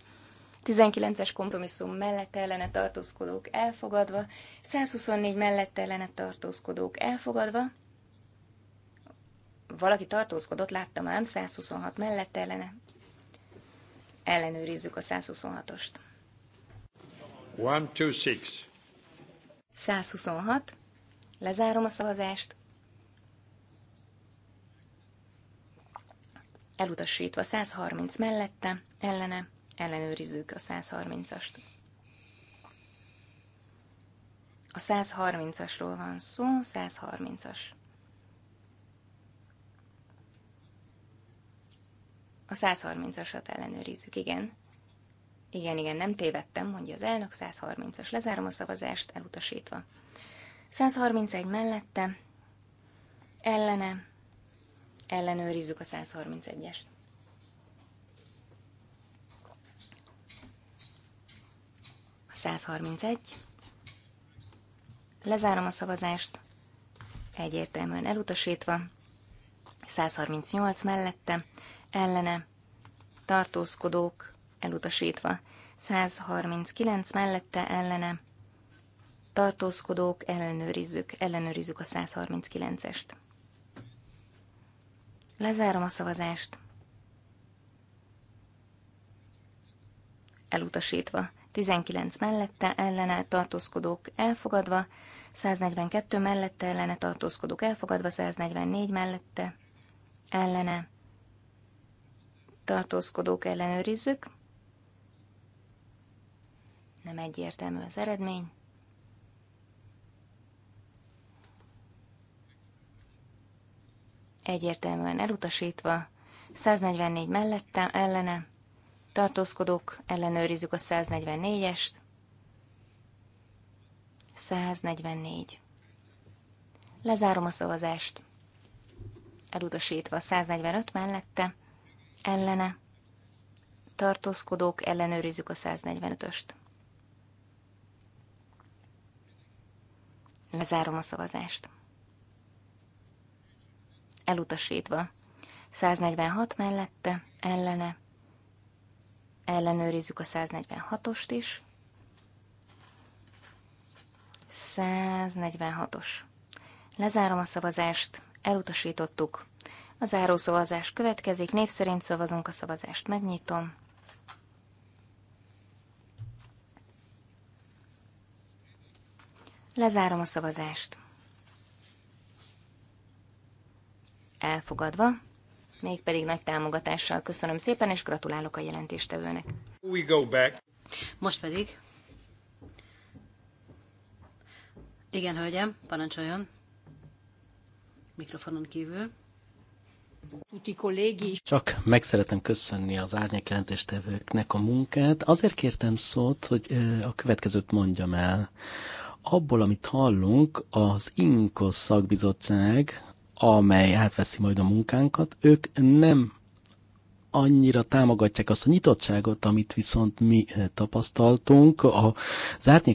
S2: 19-es kompromisszum mellette ellene tartózkodók elfogadva, 124 mellette ellene tartózkodók elfogadva, valaki tartózkodott, láttam ám, 126 mellette ellene. Ellenőrizzük a 126-ost.
S3: 126.
S2: 126. Lezárom a szavazást. Elutasítva 130 mellette, ellene Ellenőrizzük a 130-ast. A 130-asról van szó, 130-as. A 130-asat ellenőrizzük, igen. Igen, igen, nem tévedtem, mondja az elnök, 130-as. Lezárom a szavazást, elutasítva. 131 mellette, ellene, ellenőrizzük a 131-est. 131. Lezárom a szavazást, egyértelműen elutasítva. 138 mellette, ellene, tartózkodók, elutasítva. 139 mellette, ellene, tartózkodók, ellenőrizzük, ellenőrizzük a 139-est. Lezárom a szavazást. Elutasítva. 19 mellette ellene tartózkodók elfogadva, 142 mellette ellene tartózkodók elfogadva, 144 mellette ellene tartózkodók ellenőrizzük. Nem egyértelmű az eredmény. Egyértelműen elutasítva, 144 mellette ellene tartózkodók, ellenőrizzük a 144-est. 144. Lezárom a szavazást. Elutasítva a 145 mellette, ellene, tartózkodók, ellenőrizzük a 145-öst. Lezárom a szavazást. Elutasítva. 146 mellette, ellene, ellenőrizzük a 146-ost is. 146-os. Lezárom a szavazást, elutasítottuk. A zárószavazás következik, név szerint szavazunk a szavazást, megnyitom. Lezárom a szavazást. Elfogadva mégpedig nagy támogatással. Köszönöm szépen, és gratulálok a jelentéstevőnek.
S3: We go back.
S2: Most pedig. Igen, hölgyem, parancsoljon.
S1: Mikrofonon kívül.
S3: Csak meg szeretem köszönni az árnyék jelentéstevőknek a munkát. Azért kértem szót, hogy a következőt mondjam el. Abból, amit hallunk, az INKOS szakbizottság, amely átveszi majd a munkánkat, ők nem annyira támogatják azt a nyitottságot, amit viszont mi eh, tapasztaltunk. A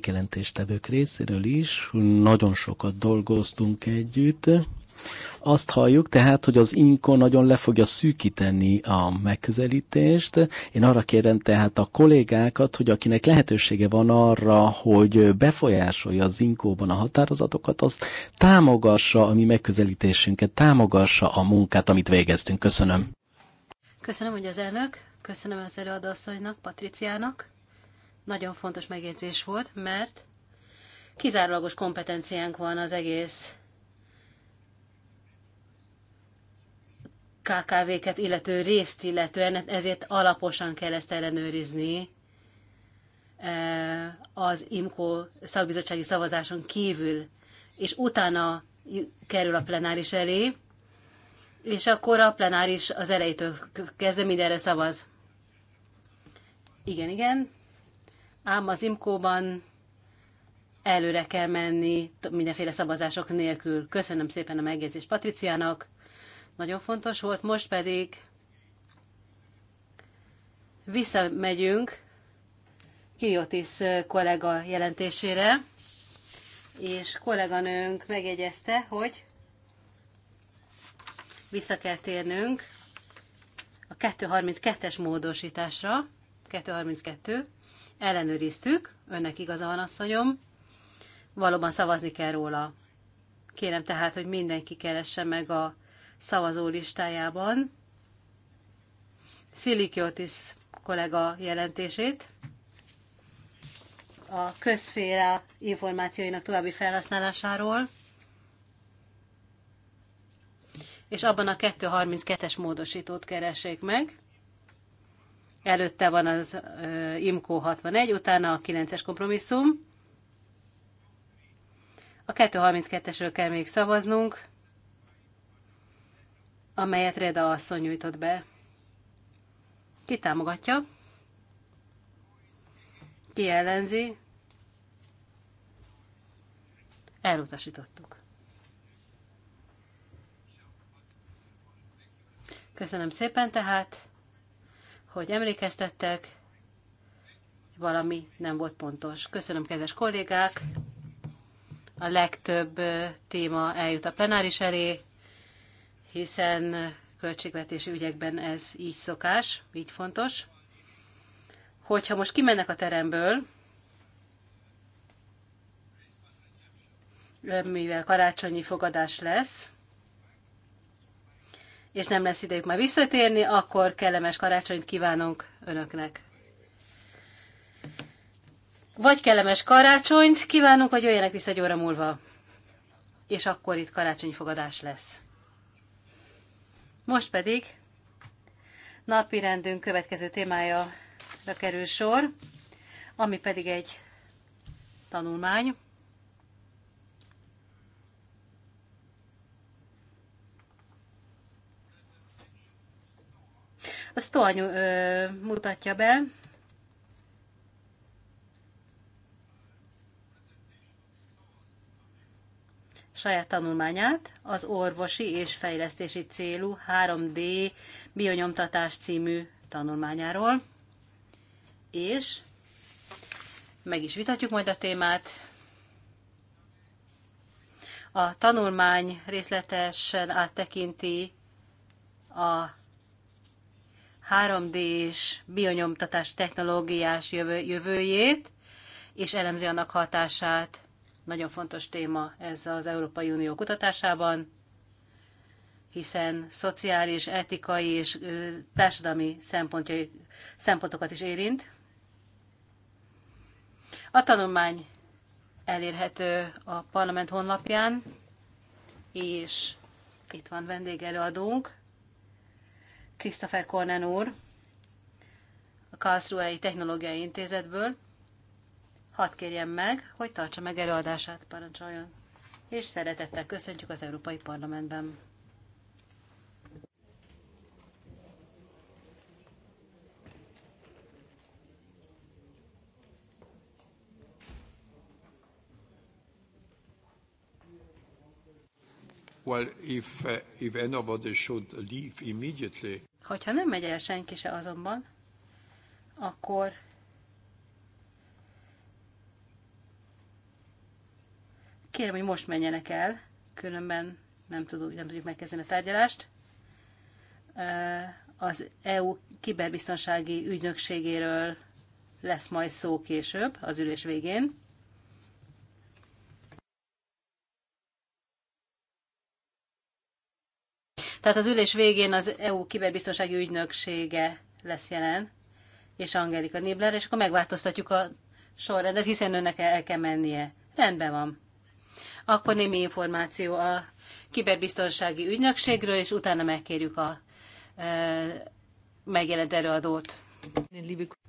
S3: jelentéstevők részéről is nagyon sokat dolgoztunk együtt, azt halljuk tehát, hogy az inkor nagyon le fogja szűkíteni a megközelítést. Én arra kérem tehát a kollégákat, hogy akinek lehetősége van arra, hogy befolyásolja az inkóban a határozatokat, az támogassa a mi megközelítésünket, támogassa a munkát, amit végeztünk. Köszönöm.
S1: Köszönöm, hogy az elnök, köszönöm az előadasszonynak, Patriciának. Nagyon fontos megjegyzés volt, mert kizárólagos kompetenciánk van az egész KKV-ket illető részt illetően, ezért alaposan kell ezt ellenőrizni e, az IMCO szakbizottsági szavazáson kívül, és utána kerül a plenáris elé, és akkor a plenáris az elejétől kezdve mindenre szavaz. Igen, igen. Ám az IMCO-ban előre kell menni mindenféle szavazások nélkül. Köszönöm szépen a megjegyzést Patriciának nagyon fontos volt, most pedig visszamegyünk Kiriotis kollega jelentésére, és kolléganőnk megjegyezte, hogy vissza kell térnünk a 232-es módosításra, 232, ellenőriztük, önnek igaza van, asszonyom, valóban szavazni kell róla. Kérem tehát, hogy mindenki keresse meg a szavazó listájában Szilikiotis kollega jelentését a közféra információinak további felhasználásáról, és abban a 232-es módosítót keressék meg. Előtte van az IMCO 61, utána a 9-es kompromisszum. A 232-esről kell még szavaznunk amelyet Reda asszony nyújtott be. Ki támogatja? Ki ellenzi? Elutasítottuk. Köszönöm szépen tehát, hogy emlékeztettek, valami nem volt pontos. Köszönöm, kedves kollégák! A legtöbb téma eljut a plenáris elé hiszen költségvetési ügyekben ez így szokás, így fontos. Hogyha most kimennek a teremből, mivel karácsonyi fogadás lesz, és nem lesz idejük már visszatérni, akkor kellemes karácsonyt kívánunk Önöknek. Vagy kellemes karácsonyt kívánunk, vagy jöjjenek vissza egy óra múlva. És akkor itt karácsonyi fogadás lesz. Most pedig napi rendünk következő témája kerül sor, ami pedig egy tanulmány. A Stoa mutatja be, saját tanulmányát, az orvosi és fejlesztési célú 3D bionyomtatás című tanulmányáról, és meg is vitatjuk majd a témát. A tanulmány részletesen áttekinti a 3D-s bionyomtatás technológiás jövőjét, és elemzi annak hatását nagyon fontos téma ez az Európai Unió kutatásában, hiszen szociális, etikai és társadalmi szempontokat is érint. A tanulmány elérhető a parlament honlapján, és itt van vendégelőadónk, Christopher Cornen úr, a Karlsruhei Technológiai Intézetből, hadd kérjem meg, hogy tartsa meg előadását, parancsoljon. És szeretettel köszöntjük az Európai Parlamentben.
S3: Well, if, uh, if anybody should leave immediately.
S1: Hogyha nem megy el senki se azonban, akkor kérem, hogy most menjenek el, különben nem, tudunk, nem tudjuk megkezdeni a tárgyalást. Az EU kiberbiztonsági ügynökségéről lesz majd szó később, az ülés végén. Tehát az ülés végén az EU kiberbiztonsági ügynöksége lesz jelen, és Angelika Nibler, és akkor megváltoztatjuk a sorrendet, hiszen önnek el kell mennie. Rendben van akkor némi információ a kiberbiztonsági ügynökségről, és utána megkérjük a e,
S2: megjelent előadót.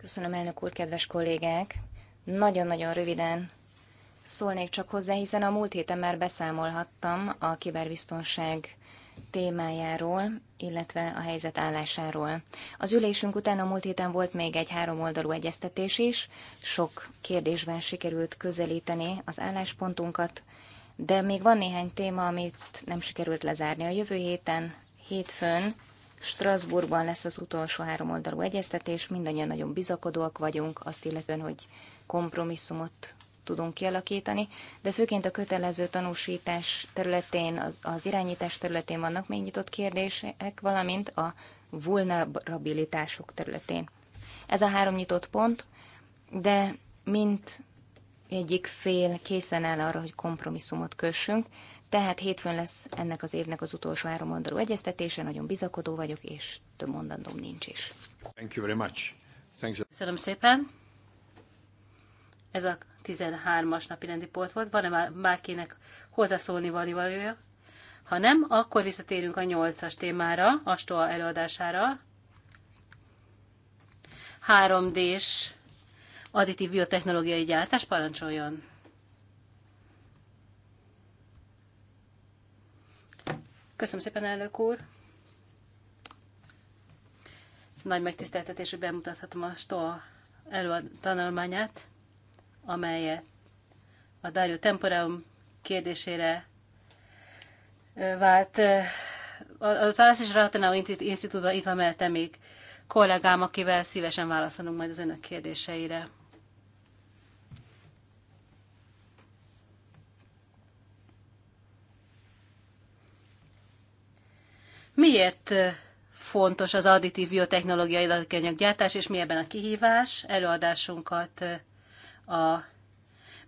S2: Köszönöm, elnök úr, kedves kollégák! Nagyon-nagyon röviden szólnék csak hozzá, hiszen a múlt héten már beszámolhattam a kiberbiztonság témájáról, illetve a helyzet állásáról. Az ülésünk után a múlt héten volt még egy háromoldalú egyeztetés is, sok kérdésben sikerült közelíteni az álláspontunkat, de még van néhány téma, amit nem sikerült lezárni. A jövő héten, hétfőn Strasbourgban lesz az utolsó háromoldalú egyeztetés, mindannyian nagyon bizakodóak vagyunk, azt illetően, hogy kompromisszumot tudunk kialakítani, de főként a kötelező tanúsítás területén, az, az irányítás területén vannak még nyitott kérdések, valamint a vulnerabilitások területén. Ez a három nyitott pont, de mint egyik fél készen áll arra, hogy kompromisszumot kössünk, tehát hétfőn lesz ennek az évnek az utolsó három oldalú egyeztetése, nagyon bizakodó vagyok, és több mondandóm nincs is.
S3: Thank you very much. Thanks. Köszönöm
S2: szépen.
S1: Ez a 13-as napi rendi pont volt. Van-e bárkinek hozzászólni valója? Ha nem, akkor visszatérünk a 8-as témára, a STOA előadására. 3D-s additív biotechnológiai gyártás parancsoljon. Köszönöm szépen, elnök úr! Nagy megtiszteltetés, hogy bemutathatom a STOA előadó tanulmányát amelyet a Dario Temporum kérdésére vált. A Talász és Ratanau Institútban itt van mellettem még kollégám, akivel szívesen válaszolunk majd az önök kérdéseire. Miért fontos az additív biotechnológiai gyártás, és mi ebben a kihívás? Előadásunkat a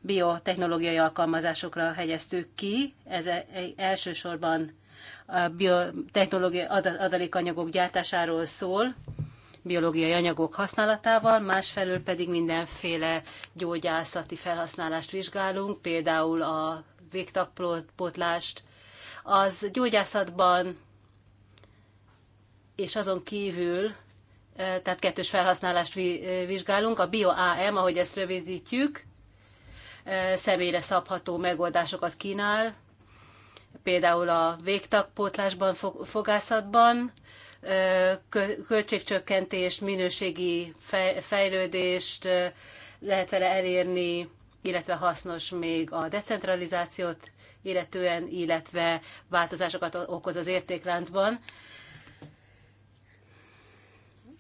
S1: biotechnológiai alkalmazásokra hegyeztük ki. Ez e- elsősorban a biotechnológiai adalékanyagok gyártásáról szól, biológiai anyagok használatával, másfelől pedig mindenféle gyógyászati felhasználást vizsgálunk, például a végtagpótlást. Az gyógyászatban és azon kívül tehát kettős felhasználást vizsgálunk. A BioAM, ahogy ezt rövidítjük, személyre szabható megoldásokat kínál, például a végtagpótlásban, fogászatban, költségcsökkentést, minőségi fejlődést lehet vele elérni, illetve hasznos még a decentralizációt illetően, illetve változásokat okoz az értékláncban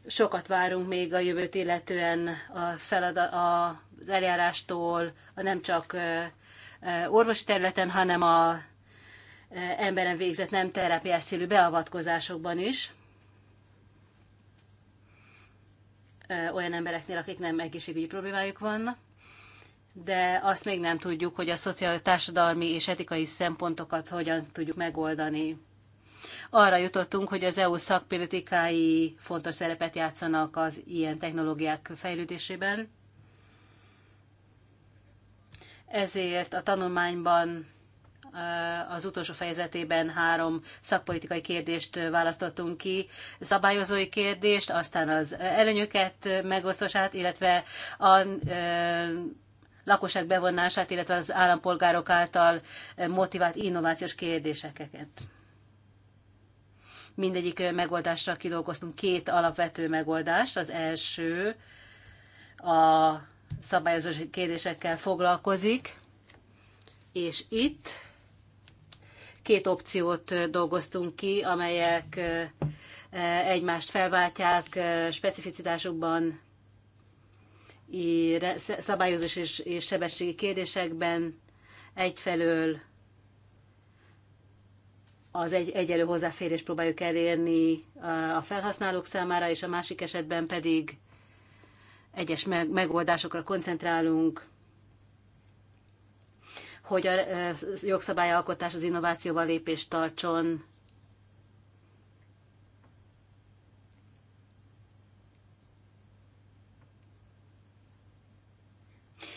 S1: sokat várunk még a jövőt illetően a feladat, a, az eljárástól, a nem csak orvos területen, hanem a emberen végzett nem terápiás szélű beavatkozásokban is. Olyan embereknél, akik nem egészségügyi problémájuk vannak de azt még nem tudjuk, hogy a szociál, társadalmi és etikai szempontokat hogyan tudjuk megoldani arra jutottunk, hogy az EU szakpolitikái fontos szerepet játszanak az ilyen technológiák fejlődésében. Ezért a tanulmányban az utolsó fejezetében három szakpolitikai kérdést választottunk ki, szabályozói kérdést, aztán az előnyöket megosztását, illetve a lakosság bevonását, illetve az állampolgárok által motivált innovációs kérdéseket mindegyik megoldásra kidolgoztunk két alapvető megoldást. Az első a szabályozási kérdésekkel foglalkozik, és itt két opciót dolgoztunk ki, amelyek egymást felváltják specificitásukban, szabályozás és sebességi kérdésekben egyfelől az egy, egyelő hozzáférés próbáljuk elérni a felhasználók számára, és a másik esetben pedig egyes megoldásokra koncentrálunk, hogy a jogszabályalkotás az innovációval lépést tartson,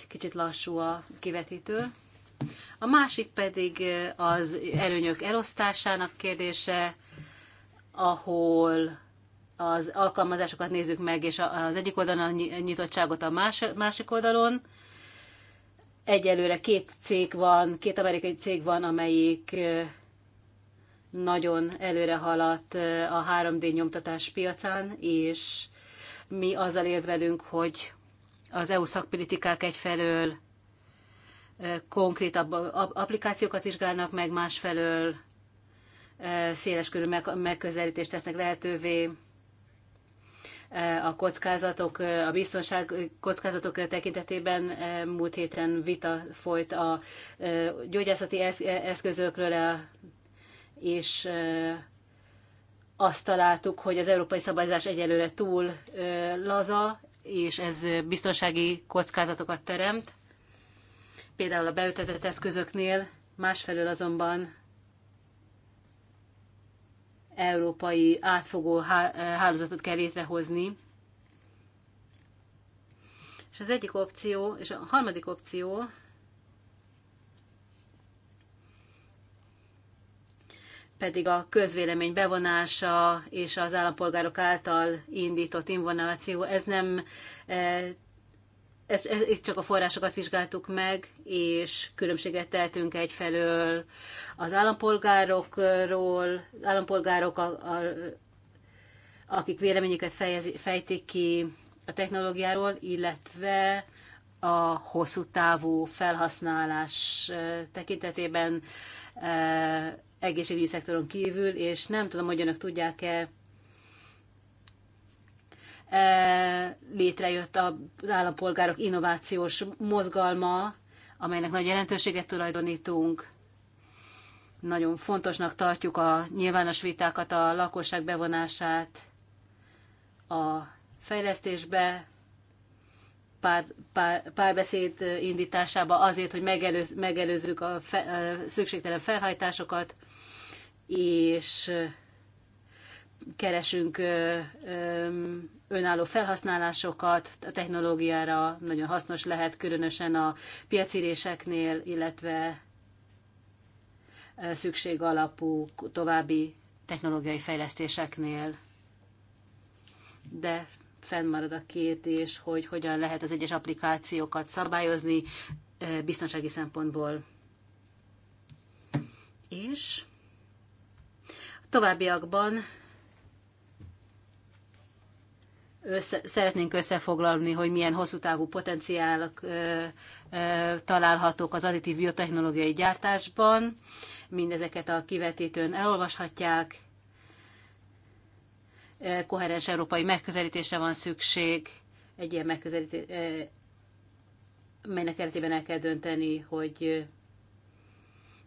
S1: Kicsit lassú a kivetítő. A másik pedig az előnyök elosztásának kérdése, ahol az alkalmazásokat nézzük meg, és az egyik oldalon a nyitottságot a másik oldalon. Egyelőre két cég van, két amerikai cég van, amelyik nagyon előre haladt a 3D nyomtatás piacán, és mi azzal érvelünk, hogy az EU szakpolitikák egyfelől konkrét applikációkat vizsgálnak meg, másfelől körül megközelítést tesznek lehetővé a kockázatok, a biztonság kockázatok tekintetében múlt héten vita folyt a gyógyászati eszközökről, és azt találtuk, hogy az európai szabályzás egyelőre túl laza, és ez biztonsági kockázatokat teremt például a beültetett eszközöknél, másfelől azonban európai átfogó hálózatot kell létrehozni. És az egyik opció, és a harmadik opció, pedig a közvélemény bevonása és az állampolgárok által indított innováció, ez nem eh, ez, ez, itt csak a forrásokat vizsgáltuk meg, és különbséget tehetünk egyfelől az állampolgárokról, állampolgárok, a, a, akik véleményüket fejezi, fejtik ki a technológiáról, illetve a hosszú távú felhasználás eh, tekintetében eh, egészségügyi szektoron kívül, és nem tudom, hogy önök tudják-e, E, létrejött az állampolgárok innovációs mozgalma, amelynek nagy jelentőséget tulajdonítunk. Nagyon fontosnak tartjuk a nyilvános vitákat, a lakosság bevonását a fejlesztésbe, pár, pár, párbeszéd indításába azért, hogy megelőz, megelőzzük a, fe, a szükségtelen felhajtásokat, és keresünk önálló felhasználásokat, a technológiára nagyon hasznos lehet, különösen a piacíréseknél, illetve szükség alapú további technológiai fejlesztéseknél. De fennmarad a kérdés, hogy hogyan lehet az egyes applikációkat szabályozni biztonsági szempontból. És továbbiakban össze, szeretnénk összefoglalni, hogy milyen hosszú távú potenciálok ö, ö, találhatók az additív biotechnológiai gyártásban. Mindezeket a kivetítőn elolvashatják. Koherens európai megközelítésre van szükség, egy ilyen megközelítés, melynek keretében el kell dönteni, hogy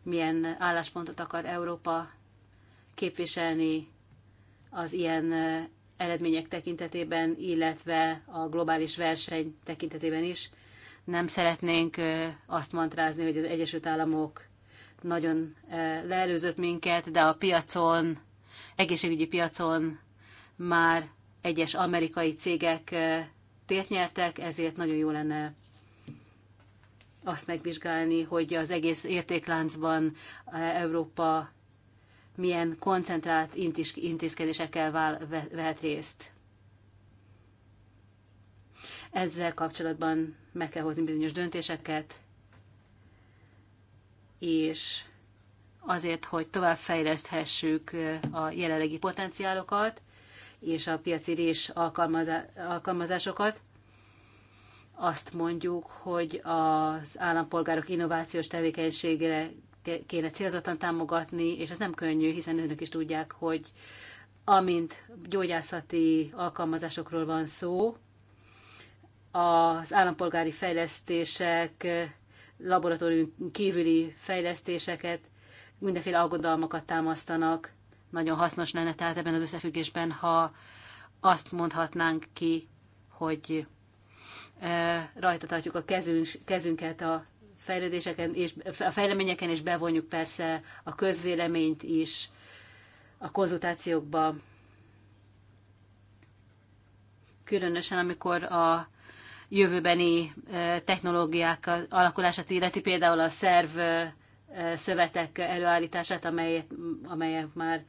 S1: milyen álláspontot akar Európa képviselni az ilyen eredmények tekintetében, illetve a globális verseny tekintetében is. Nem szeretnénk azt mantrázni, hogy az Egyesült Államok nagyon leelőzött minket, de a piacon, egészségügyi piacon már egyes amerikai cégek tért nyertek, ezért nagyon jó lenne azt megvizsgálni, hogy az egész értékláncban Európa milyen koncentrált intézkedésekkel vál, vehet részt. Ezzel kapcsolatban meg kell hozni bizonyos döntéseket, és azért, hogy tovább fejleszthessük a jelenlegi potenciálokat és a piaci rés alkalmazásokat, azt mondjuk, hogy az állampolgárok innovációs tevékenységre kéne célzatan támogatni, és ez nem könnyű, hiszen önök is tudják, hogy amint gyógyászati alkalmazásokról van szó, az állampolgári fejlesztések, laboratórium kívüli fejlesztéseket, mindenféle aggodalmakat támasztanak. Nagyon hasznos lenne tehát ebben az összefüggésben, ha azt mondhatnánk ki, hogy rajta tartjuk a kezünk, kezünket a fejlődéseken és a fejleményeken, és bevonjuk persze a közvéleményt is a konzultációkba. Különösen, amikor a jövőbeni technológiák alakulását illeti, például a szerv szövetek előállítását, amelyet, amelyek már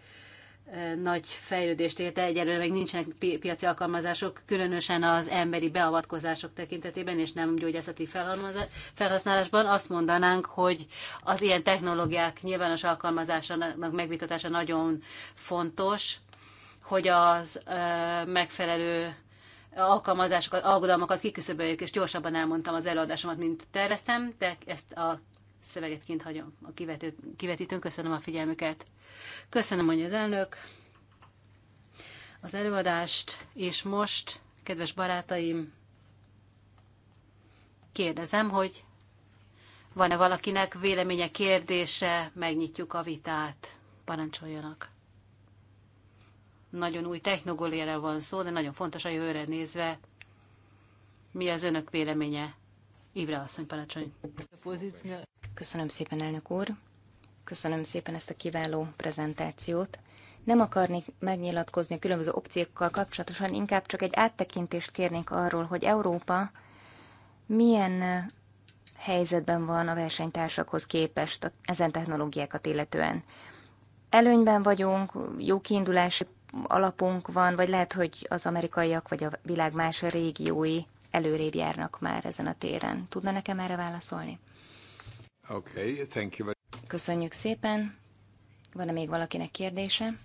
S1: nagy fejlődést érte, de egyelőre még nincsenek piaci alkalmazások, különösen az emberi beavatkozások tekintetében, és nem gyógyászati felhasználásban. Azt mondanánk, hogy az ilyen technológiák nyilvános alkalmazásának megvitatása nagyon fontos, hogy az megfelelő alkalmazásokat, algodalmakat kiküszöböljük, és gyorsabban elmondtam az előadásomat, mint terveztem, de ezt a szöveget kint hagyom a kivetítőn. Köszönöm a figyelmüket. Köszönöm, hogy az elnök az előadást, és most, kedves barátaim, kérdezem, hogy van-e valakinek véleménye, kérdése, megnyitjuk a vitát, parancsoljanak. Nagyon új technológiára van szó, de nagyon fontos a jövőre nézve. Mi az önök véleménye? Ibra
S2: asszony parancsolj. Köszönöm szépen, elnök úr. Köszönöm szépen ezt a kiváló prezentációt. Nem akarnék megnyilatkozni a különböző opciókkal kapcsolatosan, inkább csak egy áttekintést kérnék arról, hogy Európa milyen helyzetben van a versenytársakhoz képest a, ezen technológiákat illetően. Előnyben vagyunk, jó kiindulási alapunk van, vagy lehet, hogy az amerikaiak vagy a világ más régiói előrébb járnak már ezen a téren. Tudna nekem erre válaszolni?
S3: Okay, thank you.
S2: Köszönjük szépen. Van-e még valakinek kérdése?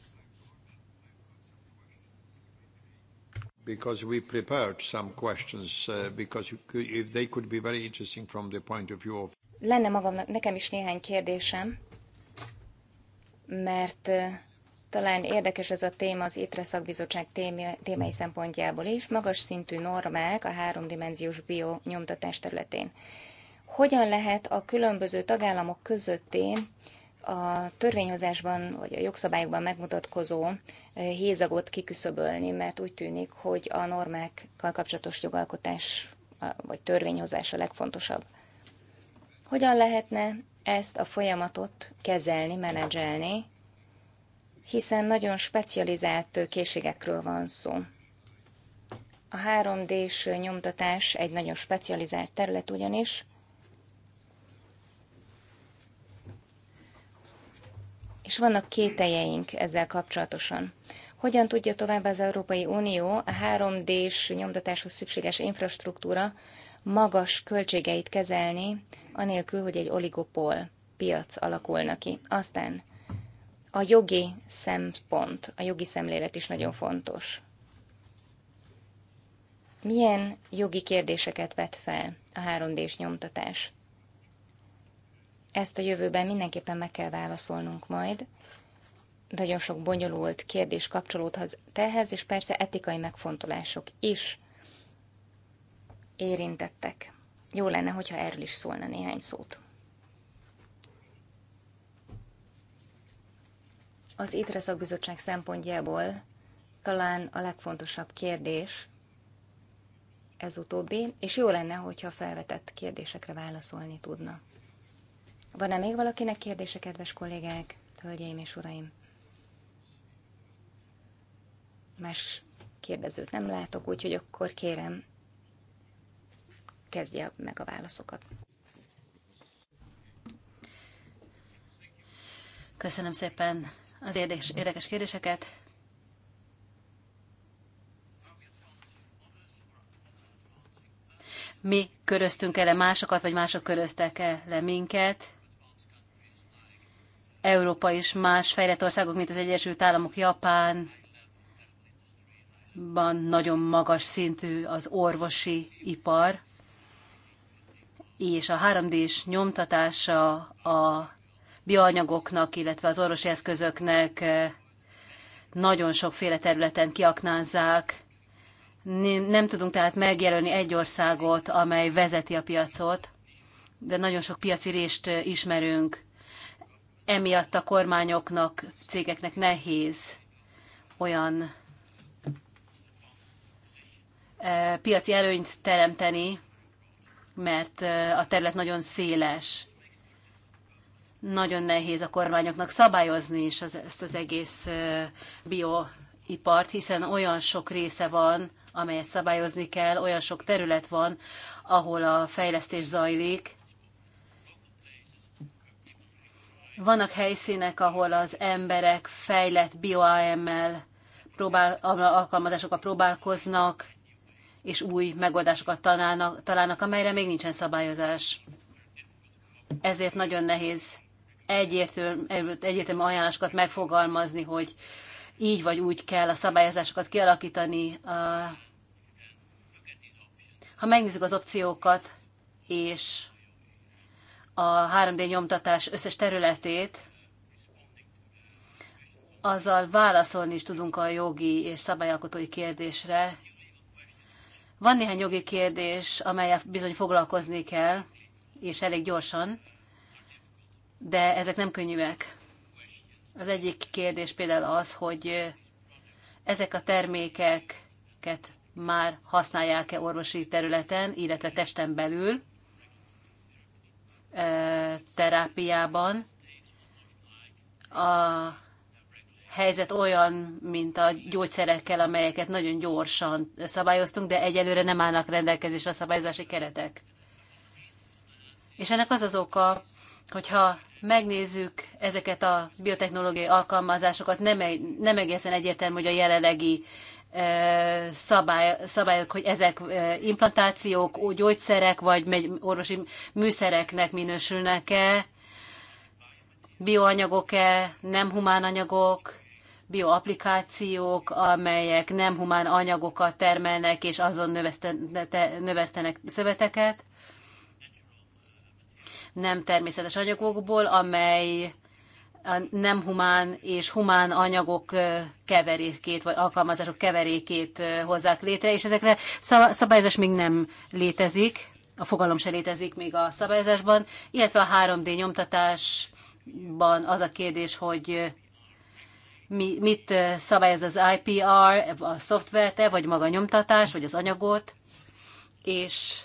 S3: Because we prepared some questions, uh, because you could, if they could be very interesting from the point of view of...
S2: Lenne magamnak, nekem is néhány kérdésem, mert uh, talán érdekes ez a téma az étre szakbizottság témai szempontjából is, magas szintű normák a háromdimenziós bio nyomtatás területén. Uh, hogyan lehet a különböző tagállamok közötti a törvényhozásban vagy a jogszabályokban megmutatkozó eh, hézagot kiküszöbölni, mert úgy tűnik, hogy a normákkal kapcsolatos jogalkotás vagy törvényhozás a legfontosabb. Hogyan lehetne ezt a folyamatot kezelni, menedzselni, hiszen nagyon specializált készségekről van szó. A 3D-s nyomtatás egy nagyon specializált terület ugyanis, és vannak kételjeink ezzel kapcsolatosan. Hogyan tudja tovább az Európai Unió a 3D-s nyomtatáshoz szükséges infrastruktúra magas költségeit kezelni, anélkül, hogy egy oligopol piac alakulna ki. Aztán a jogi szempont, a jogi szemlélet is nagyon fontos. Milyen jogi kérdéseket vet fel a 3D-s nyomtatás? Ezt a jövőben mindenképpen meg kell válaszolnunk majd. Nagyon sok bonyolult kérdés kapcsolódhat tehez, és persze etikai megfontolások is érintettek. Jó lenne, hogyha erről is szólna néhány szót. Az ITRE szakbizottság szempontjából talán a legfontosabb kérdés ez utóbbi, és jó lenne, hogyha felvetett kérdésekre válaszolni tudna. Van-e még valakinek kérdése, kedves kollégák, hölgyeim és uraim? Más kérdezőt nem látok, úgyhogy akkor kérem, kezdje meg a válaszokat. Köszönöm
S1: szépen az érdekes, érdekes kérdéseket. Mi köröztünk el -e másokat, vagy mások köröztek el -e minket? Európa és más fejlett országok, mint az Egyesült Államok, Japán, van nagyon magas szintű az orvosi ipar, és a 3D-s nyomtatása a bioanyagoknak, illetve az orvosi eszközöknek eh, nagyon sokféle területen kiaknázzák. Nem tudunk tehát megjelölni egy országot, amely vezeti a piacot, de nagyon sok piaci részt eh, ismerünk, emiatt a kormányoknak, cégeknek nehéz olyan e, piaci előnyt teremteni, mert e, a terület nagyon széles. Nagyon nehéz a kormányoknak szabályozni is az, ezt az egész e, bioipart, hiszen olyan sok része van, amelyet szabályozni kell, olyan sok terület van, ahol a fejlesztés zajlik, Vannak helyszínek, ahol az emberek fejlett bioAML próbál, alkalmazásokkal próbálkoznak, és új megoldásokat találnak, találnak, amelyre még nincsen szabályozás. Ezért nagyon nehéz egyértelmű ajánlásokat megfogalmazni, hogy így vagy úgy kell a szabályozásokat kialakítani. Ha megnézzük az opciókat, és a 3D nyomtatás összes területét, azzal válaszolni is tudunk a jogi és szabályalkotói kérdésre. Van néhány jogi kérdés, amelyel bizony foglalkozni kell, és elég gyorsan, de ezek nem könnyűek. Az egyik kérdés például az, hogy ezek a termékeket már használják-e orvosi területen, illetve testen belül, terápiában a helyzet olyan, mint a gyógyszerekkel, amelyeket nagyon gyorsan szabályoztunk, de egyelőre nem állnak rendelkezésre a szabályozási keretek. És ennek az az oka, hogyha megnézzük ezeket a biotechnológiai alkalmazásokat, nem, nem egészen egyértelmű, hogy a jelenlegi szabály, szabályok, hogy ezek implantációk, gyógyszerek vagy orvosi műszereknek minősülnek-e, bioanyagok-e, nem humán anyagok, bioapplikációk, amelyek nem humán anyagokat termelnek, és azon növesztenek szöveteket, nem természetes anyagokból, amely a nem humán és humán anyagok keverékét, vagy alkalmazások keverékét hozzák létre, és ezekre szabályozás még nem létezik, a fogalom se létezik még a szabályozásban, illetve a 3D nyomtatásban az a kérdés, hogy mit szabályoz az IPR, a szoftverte, vagy maga a nyomtatás, vagy az anyagot, és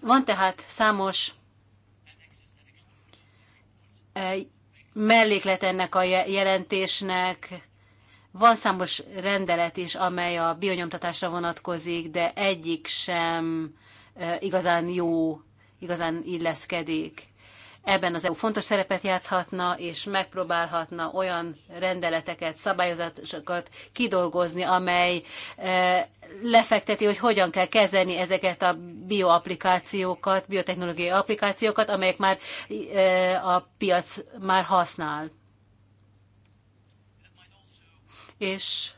S1: van tehát számos melléklet ennek a jelentésnek. Van számos rendelet is, amely a bionyomtatásra vonatkozik, de egyik sem igazán jó, igazán illeszkedik. Ebben az EU fontos szerepet játszhatna, és megpróbálhatna olyan rendeleteket, szabályozatokat kidolgozni, amely e, lefekteti, hogy hogyan kell kezelni ezeket a bioapplikációkat, biotechnológiai applikációkat, amelyek már e, a piac már használ. És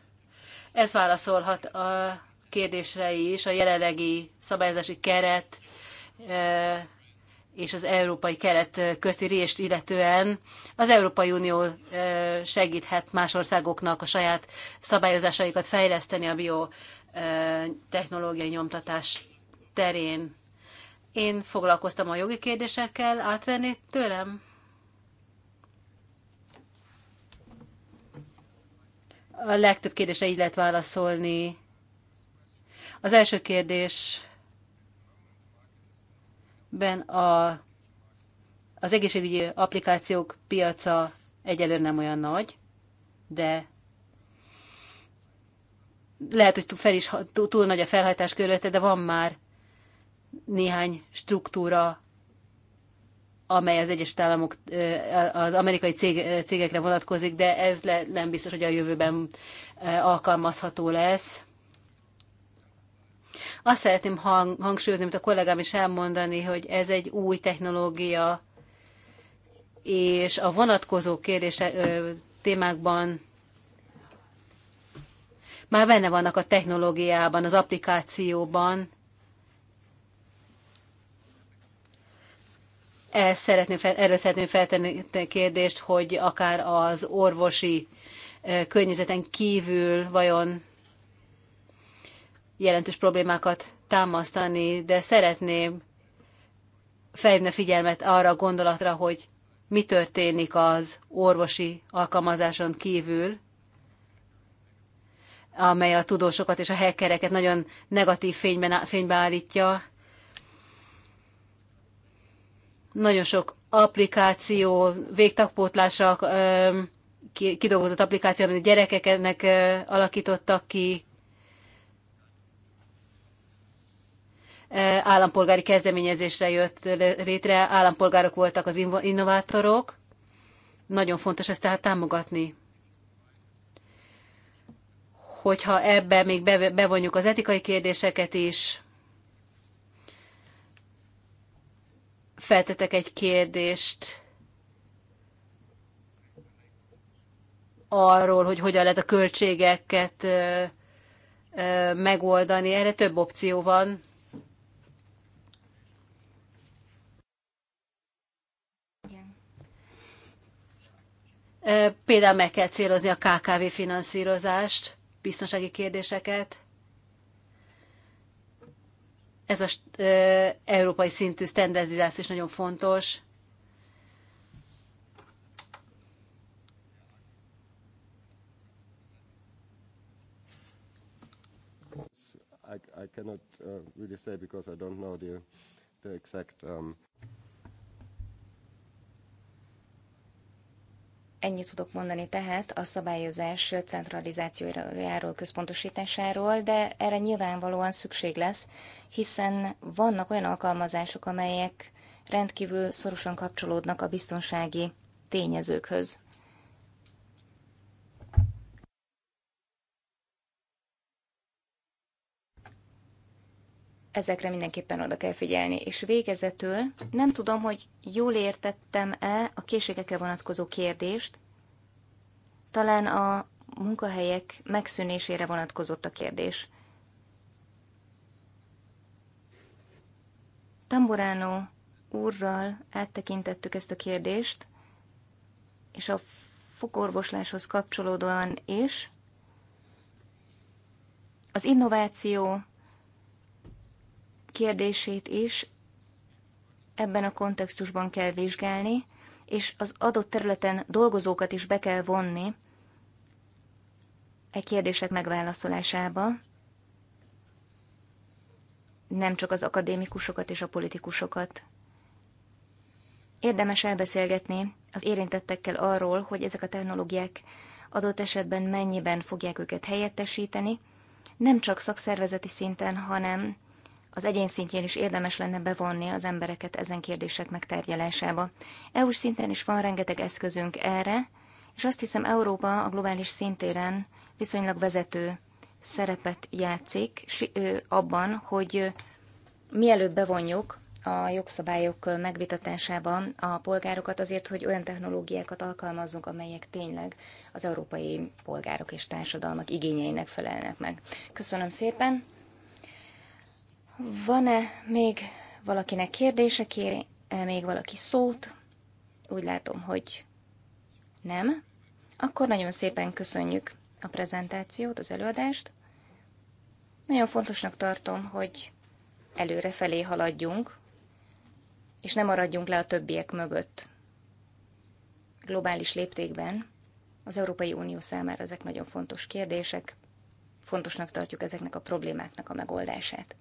S1: ez válaszolhat a kérdésre is, a jelenlegi szabályozási keret e, és az európai keret közti részt illetően az Európai Unió segíthet más országoknak a saját szabályozásaikat fejleszteni a biotechnológiai nyomtatás terén. Én foglalkoztam a jogi kérdésekkel, átvenni tőlem? A legtöbb kérdésre így lehet válaszolni. Az első kérdés ben a, az egészségügyi applikációk piaca egyelőre nem olyan nagy, de lehet, hogy fel is, túl nagy a felhajtás körülete, de van már néhány struktúra, amely az Egyesült Államok, az amerikai cég, cégekre vonatkozik, de ez le, nem biztos, hogy a jövőben alkalmazható lesz. Azt szeretném hang, hangsúlyozni, amit a kollégám is elmondani, hogy ez egy új technológia, és a vonatkozó kérdése, ö, témákban már benne vannak a technológiában, az applikációban. El szeretném fel, erről szeretném feltenni kérdést, hogy akár az orvosi környezeten kívül vajon jelentős problémákat támasztani, de szeretném fejlődni a figyelmet arra a gondolatra, hogy mi történik az orvosi alkalmazáson kívül, amely a tudósokat és a hackereket nagyon negatív fényben, fénybe állítja. Nagyon sok applikáció, végtagpótlások kidolgozott applikáció, amit a gyerekeknek alakítottak ki, állampolgári kezdeményezésre jött létre, állampolgárok voltak az innovátorok. Nagyon fontos ezt tehát támogatni. Hogyha ebbe még bevonjuk az etikai kérdéseket is, feltetek egy kérdést arról, hogy hogyan lehet a költségeket megoldani. Erre több opció van Például meg kell célozni a KKV finanszírozást, biztonsági kérdéseket. Ez az európai szintű standardizáció is nagyon fontos. I, I cannot uh, really say because I don't know the, the exact. Um...
S2: Ennyit tudok mondani tehát a szabályozás centralizációjáról, központosításáról, de erre nyilvánvalóan szükség lesz, hiszen vannak olyan alkalmazások, amelyek rendkívül szorosan kapcsolódnak a biztonsági tényezőkhöz. ezekre mindenképpen oda kell figyelni. És végezetül nem tudom, hogy jól értettem-e a készségekre vonatkozó kérdést, talán a munkahelyek megszűnésére vonatkozott a kérdés. Tamburano úrral áttekintettük ezt a kérdést, és a fogorvosláshoz kapcsolódóan is. Az innováció kérdését is ebben a kontextusban kell vizsgálni, és az adott területen dolgozókat is be kell vonni e kérdések megválaszolásába, nem csak az akadémikusokat és a politikusokat. Érdemes elbeszélgetni az érintettekkel arról, hogy ezek a technológiák adott esetben mennyiben fogják őket helyettesíteni, nem csak szakszervezeti szinten, hanem az egyén szintjén is érdemes lenne bevonni az embereket ezen kérdések megtárgyalásába. EU-s szinten is van rengeteg eszközünk erre, és azt hiszem Európa a globális szintéren viszonylag vezető szerepet játszik abban, hogy mielőbb bevonjuk a jogszabályok megvitatásában a polgárokat azért, hogy olyan technológiákat alkalmazzunk, amelyek tényleg az európai polgárok és társadalmak igényeinek felelnek meg. Köszönöm szépen! Van-e még valakinek kérdése, kér -e még valaki szót? Úgy látom, hogy nem. Akkor nagyon szépen köszönjük a prezentációt, az előadást. Nagyon fontosnak tartom, hogy előre felé haladjunk, és nem maradjunk le a többiek mögött. Globális léptékben az Európai Unió számára ezek nagyon fontos kérdések, fontosnak tartjuk ezeknek a problémáknak a megoldását.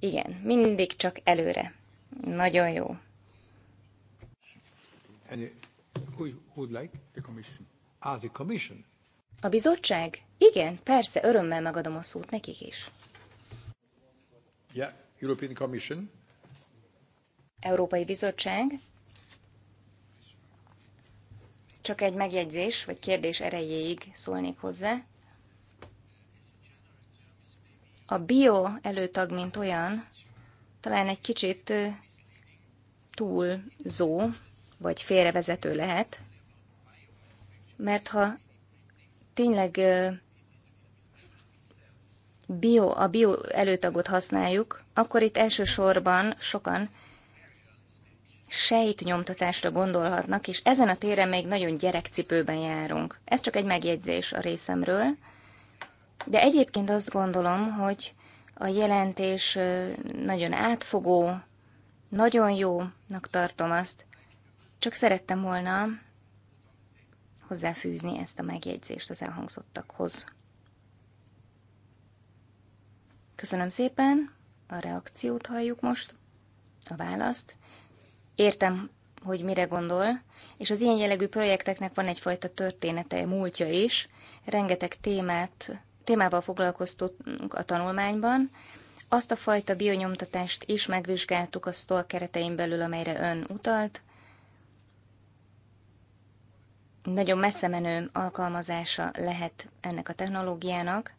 S2: Igen, mindig csak előre. Nagyon jó. Ah, a bizottság? Igen, persze, örömmel megadom a szót nekik is. Európai Bizottság. Csak egy megjegyzés vagy kérdés erejéig szólnék hozzá. A bio előtag, mint olyan, talán egy kicsit túlzó, vagy félrevezető lehet, mert ha tényleg bio, a bio előtagot használjuk, akkor itt elsősorban sokan sejtnyomtatásra gondolhatnak, és ezen a téren még nagyon gyerekcipőben járunk. Ez csak egy megjegyzés a részemről. De egyébként azt gondolom, hogy a jelentés nagyon átfogó, nagyon jónak tartom azt, csak szerettem volna hozzáfűzni ezt a megjegyzést az elhangzottakhoz. Köszönöm szépen, a reakciót halljuk most, a választ. Értem, hogy mire gondol, és az ilyen jellegű projekteknek van egyfajta története, múltja is. Rengeteg témát témával foglalkoztunk a tanulmányban. Azt a fajta bionyomtatást is megvizsgáltuk a STOL keretein belül, amelyre ön utalt. Nagyon messze menő alkalmazása lehet ennek a technológiának,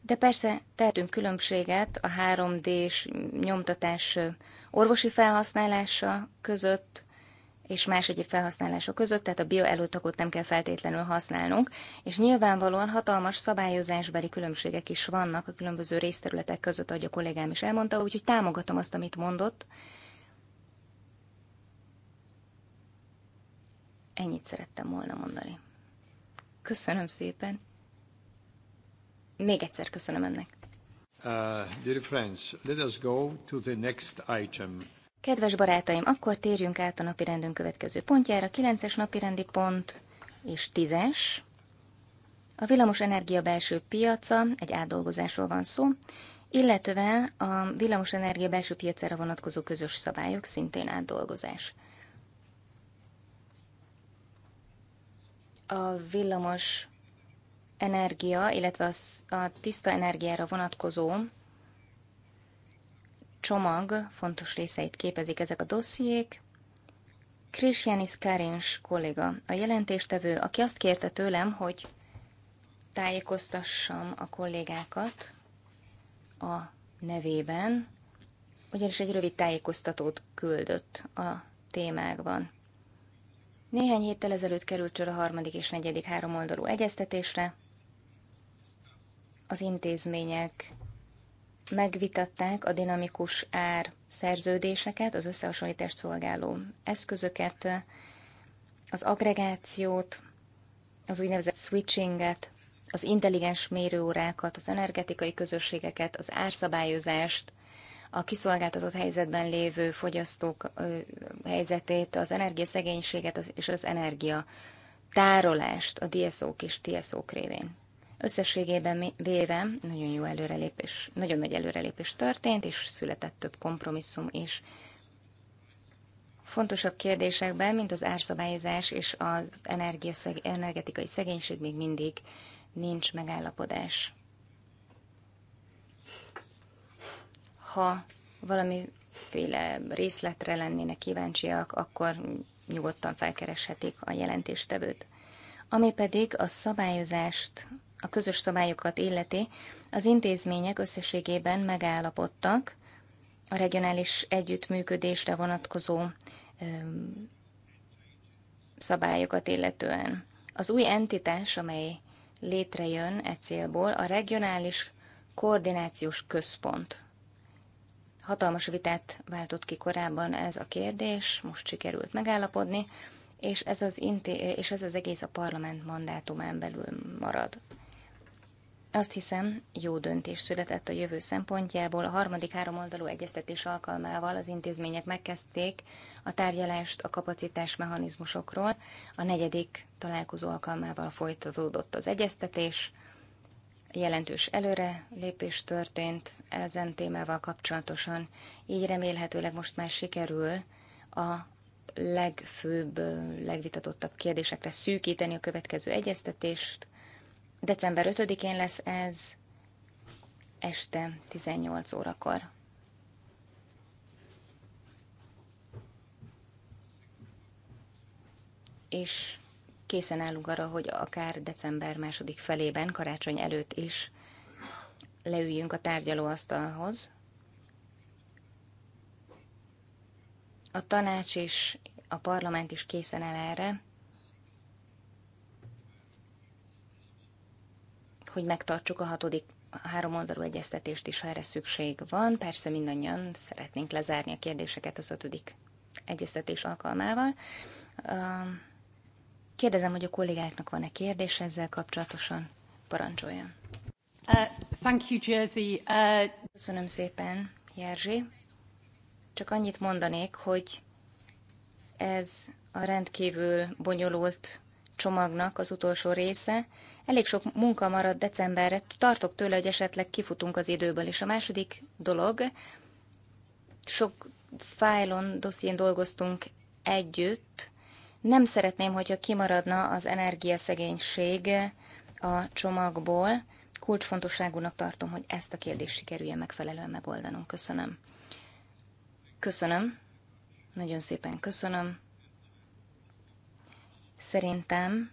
S2: de persze tehetünk különbséget a 3D-s nyomtatás orvosi felhasználása között, és más egyéb felhasználások között, tehát a bioelőtakot nem kell feltétlenül használnunk, és nyilvánvalóan hatalmas szabályozásbeli különbségek is vannak a különböző részterületek között, ahogy a kollégám is elmondta, úgyhogy támogatom azt, amit mondott. Ennyit szerettem volna mondani. Köszönöm szépen. Még egyszer köszönöm ennek.
S3: Uh, dear friends, let us go to the next item.
S2: Kedves barátaim, akkor térjünk át a napirendünk következő pontjára, 9-es napirendi pont és 10-es. A villamos energia belső piaca, egy átdolgozásról van szó, illetve a villamos energia belső piacára vonatkozó közös szabályok szintén átdolgozás. A villamos energia, illetve a tiszta energiára vonatkozó csomag fontos részeit képezik ezek a dossziék. Krisjánis Kárins kolléga, a jelentéstevő, aki azt kérte tőlem, hogy tájékoztassam a kollégákat a nevében, ugyanis egy rövid tájékoztatót küldött a témákban. Néhány héttel ezelőtt került sor a harmadik és negyedik háromoldalú egyeztetésre. Az intézmények megvitatták a dinamikus ár szerződéseket, az összehasonlítást szolgáló eszközöket, az agregációt, az úgynevezett switchinget, az intelligens mérőórákat, az energetikai közösségeket, az árszabályozást, a kiszolgáltatott helyzetben lévő fogyasztók helyzetét, az energiaszegénységet és az energia tárolást a DSO-k és TSO-k révén. Összességében véve nagyon jó előrelépés, nagyon nagy előrelépés történt, és született több kompromisszum is. Fontosabb kérdésekben, mint az árszabályozás és az energetikai szegénység még mindig nincs megállapodás. Ha valamiféle részletre lennének kíváncsiak, akkor nyugodtan felkereshetik a jelentéstevőt. Ami pedig a szabályozást a közös szabályokat illeti, az intézmények összességében megállapodtak a regionális együttműködésre vonatkozó szabályokat illetően. Az új entitás, amely létrejön e célból, a regionális koordinációs központ. Hatalmas vitát váltott ki korábban ez a kérdés, most sikerült megállapodni, és ez az, inti- és ez az egész a parlament mandátumán belül marad. Azt hiszem, jó döntés született a jövő szempontjából. A harmadik háromoldalú egyeztetés alkalmával az intézmények megkezdték a tárgyalást a kapacitás mechanizmusokról. A negyedik találkozó alkalmával folytatódott az egyeztetés. Jelentős előre lépés történt ezen témával kapcsolatosan, így remélhetőleg most már sikerül a legfőbb, legvitatottabb kérdésekre szűkíteni a következő egyeztetést, December 5-én lesz ez, este 18 órakor. És készen állunk arra, hogy akár december második felében, karácsony előtt is leüljünk a tárgyalóasztalhoz. A tanács és a parlament is készen áll erre, hogy megtartsuk a hatodik a három oldalú egyeztetést is, ha erre szükség van. Persze mindannyian szeretnénk lezárni a kérdéseket az ötödik egyeztetés alkalmával. Kérdezem, hogy a kollégáknak van-e kérdés ezzel kapcsolatosan? Parancsoljon. Uh, thank you, Jersey. Uh... Köszönöm szépen, Jerzy. Csak annyit mondanék, hogy ez a rendkívül bonyolult csomagnak az utolsó része. Elég sok munka maradt decemberre, tartok tőle, hogy esetleg kifutunk az időből. És a második dolog, sok fájlon, dosszién dolgoztunk együtt. Nem szeretném, hogyha kimaradna az energiaszegénység a csomagból. Kulcsfontosságúnak tartom, hogy ezt a kérdést sikerüljen megfelelően megoldanunk. Köszönöm. Köszönöm. Nagyon szépen köszönöm. Szerintem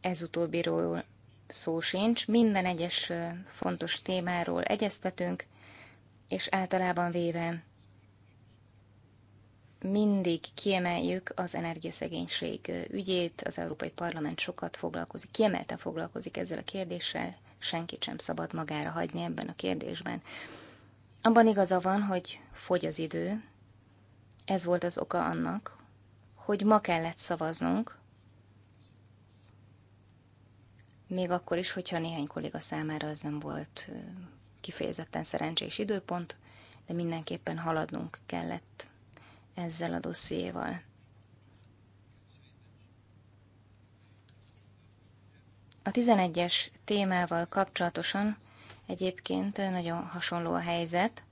S2: ez utóbbiról szó sincs, minden egyes fontos témáról egyeztetünk, és általában véve mindig kiemeljük az energiaszegénység ügyét, az Európai Parlament sokat foglalkozik, kiemelten foglalkozik ezzel a kérdéssel, senkit sem szabad magára hagyni ebben a kérdésben. Abban igaza van, hogy fogy az idő, ez volt az oka annak, hogy ma kellett szavaznunk, még akkor is, hogyha néhány kolléga számára az nem volt kifejezetten szerencsés időpont, de mindenképpen haladnunk kellett ezzel a dossziéval. A 11-es témával kapcsolatosan egyébként nagyon hasonló a helyzet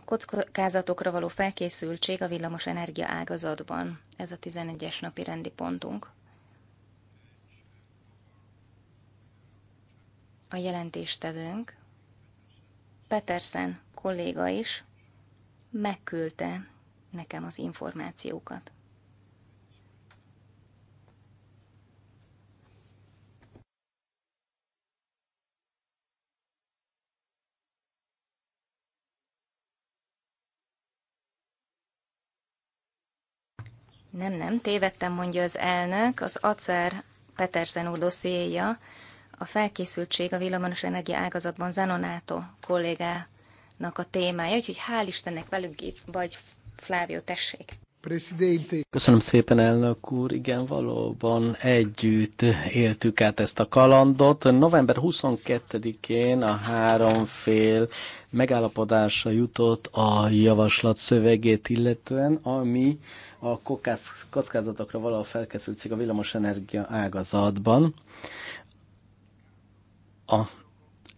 S2: a kockázatokra való felkészültség a villamos energia ágazatban. Ez a 11-es napi rendi pontunk. A jelentéstevőnk, Petersen kolléga is megküldte nekem az információkat. Nem, nem, tévedtem, mondja az elnök, az acer Petersen úr dossziéja, a felkészültség a villamos energia ágazatban Zanonato kollégának a témája, úgyhogy hál' Istennek velünk itt vagy, Flávio, tessék.
S3: Presidente. Köszönöm szépen, elnök úr. Igen, valóban együtt éltük át ezt a kalandot. November 22-én a három fél megállapodásra jutott a javaslat szövegét illetően, ami a kockázatokra valahol felkészültség a villamosenergia ágazatban. A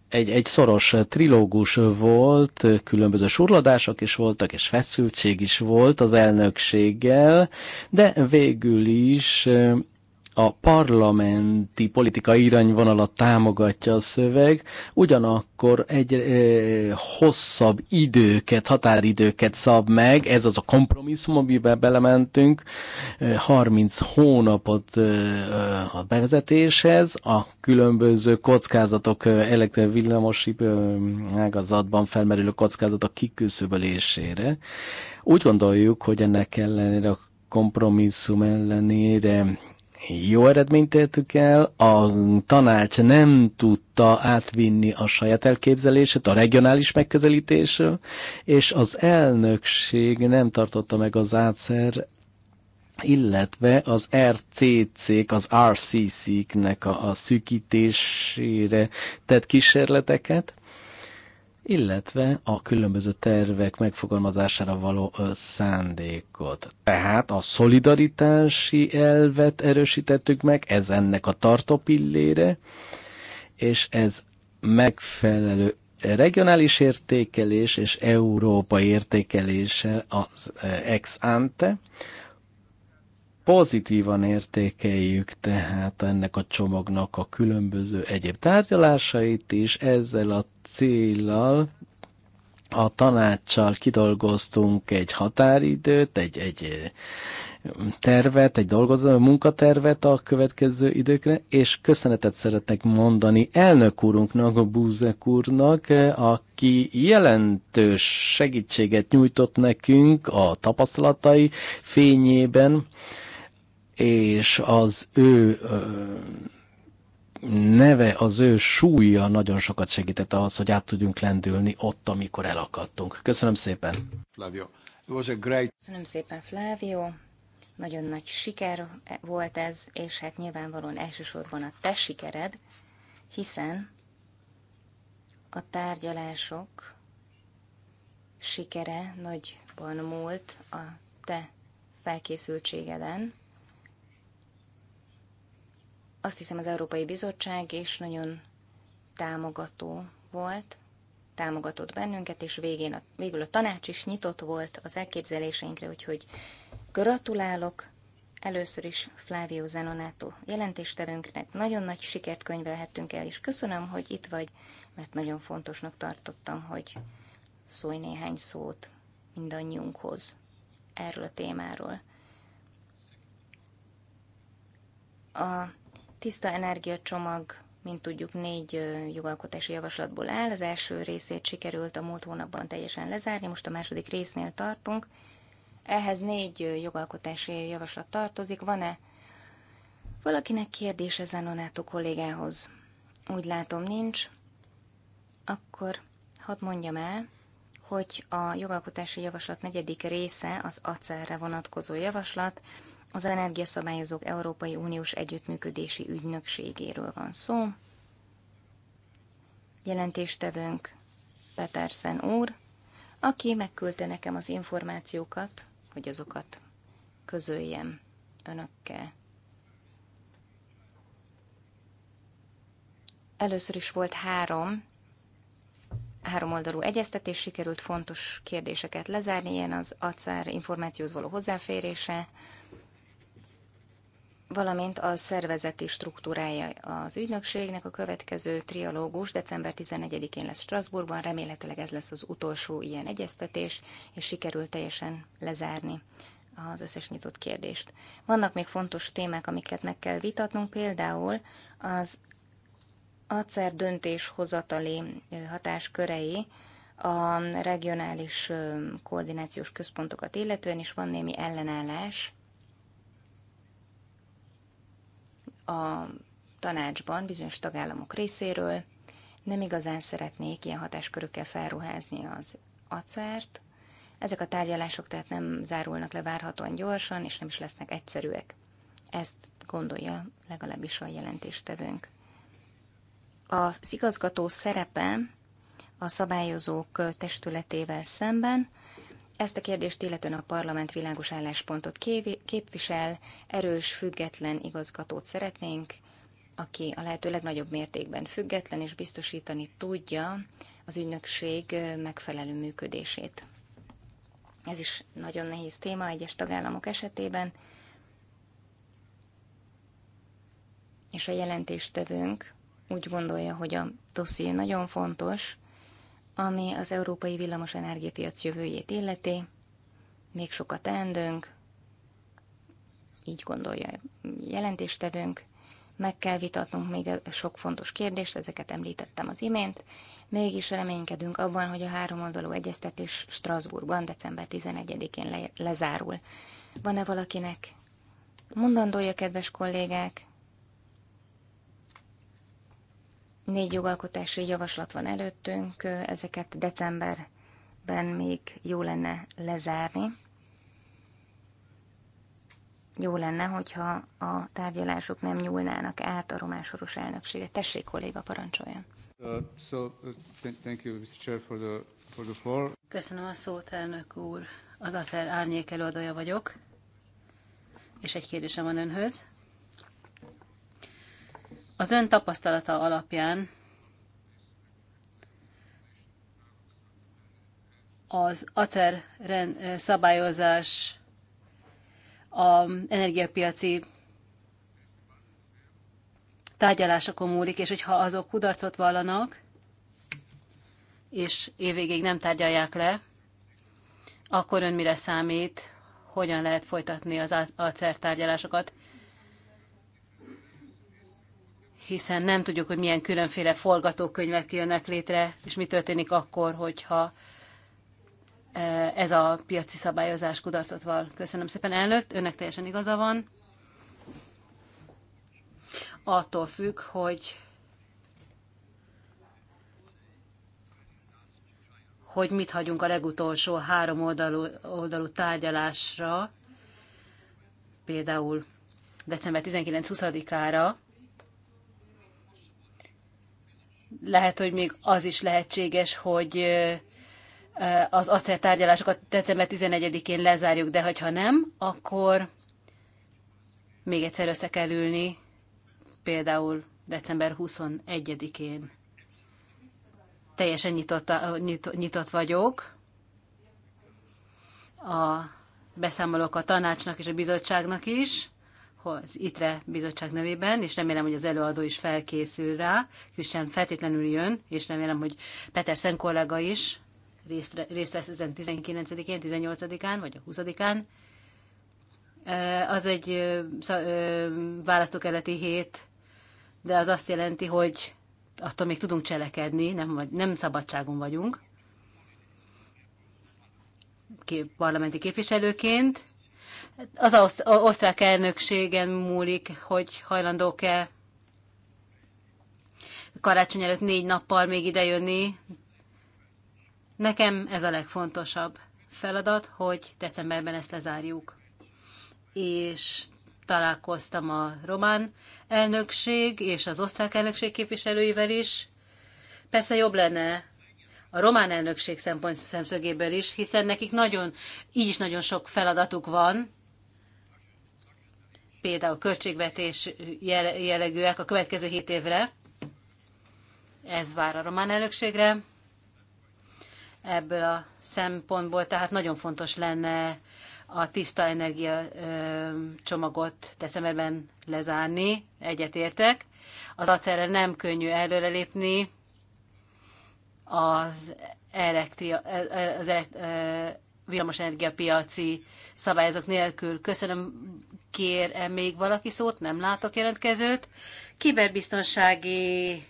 S3: egy, egy szoros trilógus volt, különböző surladások is voltak, és feszültség is volt az elnökséggel, de végül is a parlamenti politikai irányvonalat támogatja a szöveg, ugyanakkor egy e, hosszabb időket, határidőket szab meg, ez az a kompromisszum, amiben belementünk, 30 hónapot a bevezetéshez, a különböző kockázatok elektrovillamosi ágazatban felmerülő kockázatok kiküszöbölésére. Úgy gondoljuk, hogy ennek ellenére a kompromisszum ellenére jó eredményt értük el, a tanács nem tudta átvinni a saját elképzelését, a regionális megközelítésről, és az elnökség nem tartotta meg az átszer, illetve az RCC-k, az RCC-knek a, a szűkítésére tett kísérleteket, illetve a különböző tervek megfogalmazására való szándékot. Tehát a szolidaritási elvet erősítettük meg, ez ennek a tartópillére, és ez megfelelő regionális értékelés és európai értékelése az ex ante, pozitívan értékeljük tehát ennek a csomagnak a különböző egyéb tárgyalásait is, ezzel a céllal a tanácssal kidolgoztunk egy határidőt, egy, egy tervet, egy dolgozó munkatervet a következő időkre, és köszönetet szeretnék mondani elnök úrunknak, a Búzek úrnak, aki jelentős segítséget nyújtott nekünk a tapasztalatai fényében, és az ő neve, az ő súlya nagyon sokat segített ahhoz, hogy át tudjunk lendülni ott, amikor elakadtunk. Köszönöm szépen! Flavio. It was a great...
S2: Köszönöm szépen, Flávio! Nagyon nagy siker volt ez, és hát nyilvánvalóan elsősorban a te sikered, hiszen a tárgyalások sikere nagyban múlt a te felkészültségeden, azt hiszem az Európai Bizottság is nagyon támogató volt, támogatott bennünket, és végén a, végül a tanács is nyitott volt az elképzeléseinkre, úgyhogy gratulálok először is Flávio Zanonato jelentéstevőnknek. Nagyon nagy sikert könyvelhettünk el, és köszönöm, hogy itt vagy, mert nagyon fontosnak tartottam, hogy szólj néhány szót mindannyiunkhoz erről a témáról. A tiszta energiacsomag, mint tudjuk, négy jogalkotási javaslatból áll. Az első részét sikerült a múlt hónapban teljesen lezárni, most a második résznél tartunk. Ehhez négy jogalkotási javaslat tartozik. Van-e valakinek kérdése Zanonátó kollégához? Úgy látom, nincs. Akkor hadd mondjam el, hogy a jogalkotási javaslat negyedik része az acerre vonatkozó javaslat, az Energiaszabályozók Európai Uniós Együttműködési Ügynökségéről van szó. Jelentéstevőnk Petersen úr, aki megküldte nekem az információkat, hogy azokat közöljem önökkel. Először is volt három három oldalú egyeztetés, sikerült fontos kérdéseket lezárni, ilyen az ACER információhoz való hozzáférése, valamint a szervezeti struktúrája az ügynökségnek. A következő trialógus december 11-én lesz Strasbourgban, remélhetőleg ez lesz az utolsó ilyen egyeztetés, és sikerül teljesen lezárni az összes nyitott kérdést. Vannak még fontos témák, amiket meg kell vitatnunk, például az acer döntéshozatali hatáskörei a regionális koordinációs központokat illetően is van némi ellenállás a tanácsban bizonyos tagállamok részéről nem igazán szeretnék ilyen hatáskörökkel felruházni az acert. Ezek a tárgyalások tehát nem zárulnak le várhatóan gyorsan, és nem is lesznek egyszerűek. Ezt gondolja legalábbis a jelentéstevőnk. A igazgató szerepe a szabályozók testületével szemben ezt a kérdést illetően a parlament világos álláspontot képvisel, erős, független igazgatót szeretnénk, aki a lehető legnagyobb mértékben független és biztosítani tudja az ügynökség megfelelő működését. Ez is nagyon nehéz téma egyes tagállamok esetében, és a jelentéstevőnk úgy gondolja, hogy a dosszié nagyon fontos, ami az európai villamos energiapiac jövőjét illeti. Még sokat teendőnk, így gondolja jelentéstevőnk. Meg kell vitatnunk még e- sok fontos kérdést, ezeket említettem az imént. Mégis reménykedünk abban, hogy a három oldalú egyeztetés Strasbourgban december 11-én le- lezárul. Van-e valakinek mondandója, kedves kollégák? Négy jogalkotási javaslat van előttünk, ezeket decemberben még jó lenne lezárni. Jó lenne, hogyha a tárgyalások nem nyúlnának át a román soros Tessék, kolléga, parancsoljon.
S1: Köszönöm a szót, elnök úr. Az ASZER árnyék előadója vagyok, és egy kérdésem van önhöz. Az ön tapasztalata alapján az acer szabályozás a energiapiaci tárgyalásokon múlik, és hogyha azok kudarcot vallanak, és évvégéig nem tárgyalják le, akkor ön mire számít, hogyan lehet folytatni az acer tárgyalásokat, hiszen nem tudjuk, hogy milyen különféle forgatókönyvek jönnek létre, és mi történik akkor, hogyha e, ez a piaci szabályozás kudarcot val. Köszönöm szépen, elnök, önnek teljesen igaza van. Attól függ, hogy hogy mit hagyunk a legutolsó három oldalú, oldalú tárgyalásra, például december 19-20-ára, lehet, hogy még az is lehetséges, hogy az acer tárgyalásokat december 11-én lezárjuk, de ha nem, akkor még egyszer össze kell ülni, például december 21-én. Teljesen nyitott, nyitott vagyok a beszámolók a tanácsnak és a bizottságnak is, az ITRE bizottság nevében, és remélem, hogy az előadó is felkészül rá. Krisztián feltétlenül jön, és remélem, hogy Szent kollega is részt, részt vesz ezen 19-én, 18-án vagy a 20-án. Az egy választókeleti hét, de az azt jelenti, hogy attól még tudunk cselekedni, nem, nem szabadságon vagyunk parlamenti képviselőként, az osztrák elnökségen múlik, hogy hajlandók-e karácsony előtt négy nappal még idejönni. Nekem ez a legfontosabb feladat, hogy decemberben ezt lezárjuk. És találkoztam a román elnökség és az osztrák elnökség képviselőivel is. Persze jobb lenne a román elnökség szempont szemszögéből is, hiszen nekik nagyon, így is nagyon sok feladatuk van, például költségvetés jellegűek a következő hét évre. Ez vár a román elnökségre. Ebből a szempontból tehát nagyon fontos lenne a tiszta energia csomagot decemberben lezárni, egyetértek. Az acerre nem könnyű előrelépni, az, elekti, az elekt, energiapiaci szabályozók nélkül. Köszönöm kér -e még valaki szót? Nem látok jelentkezőt. Kiberbiztonsági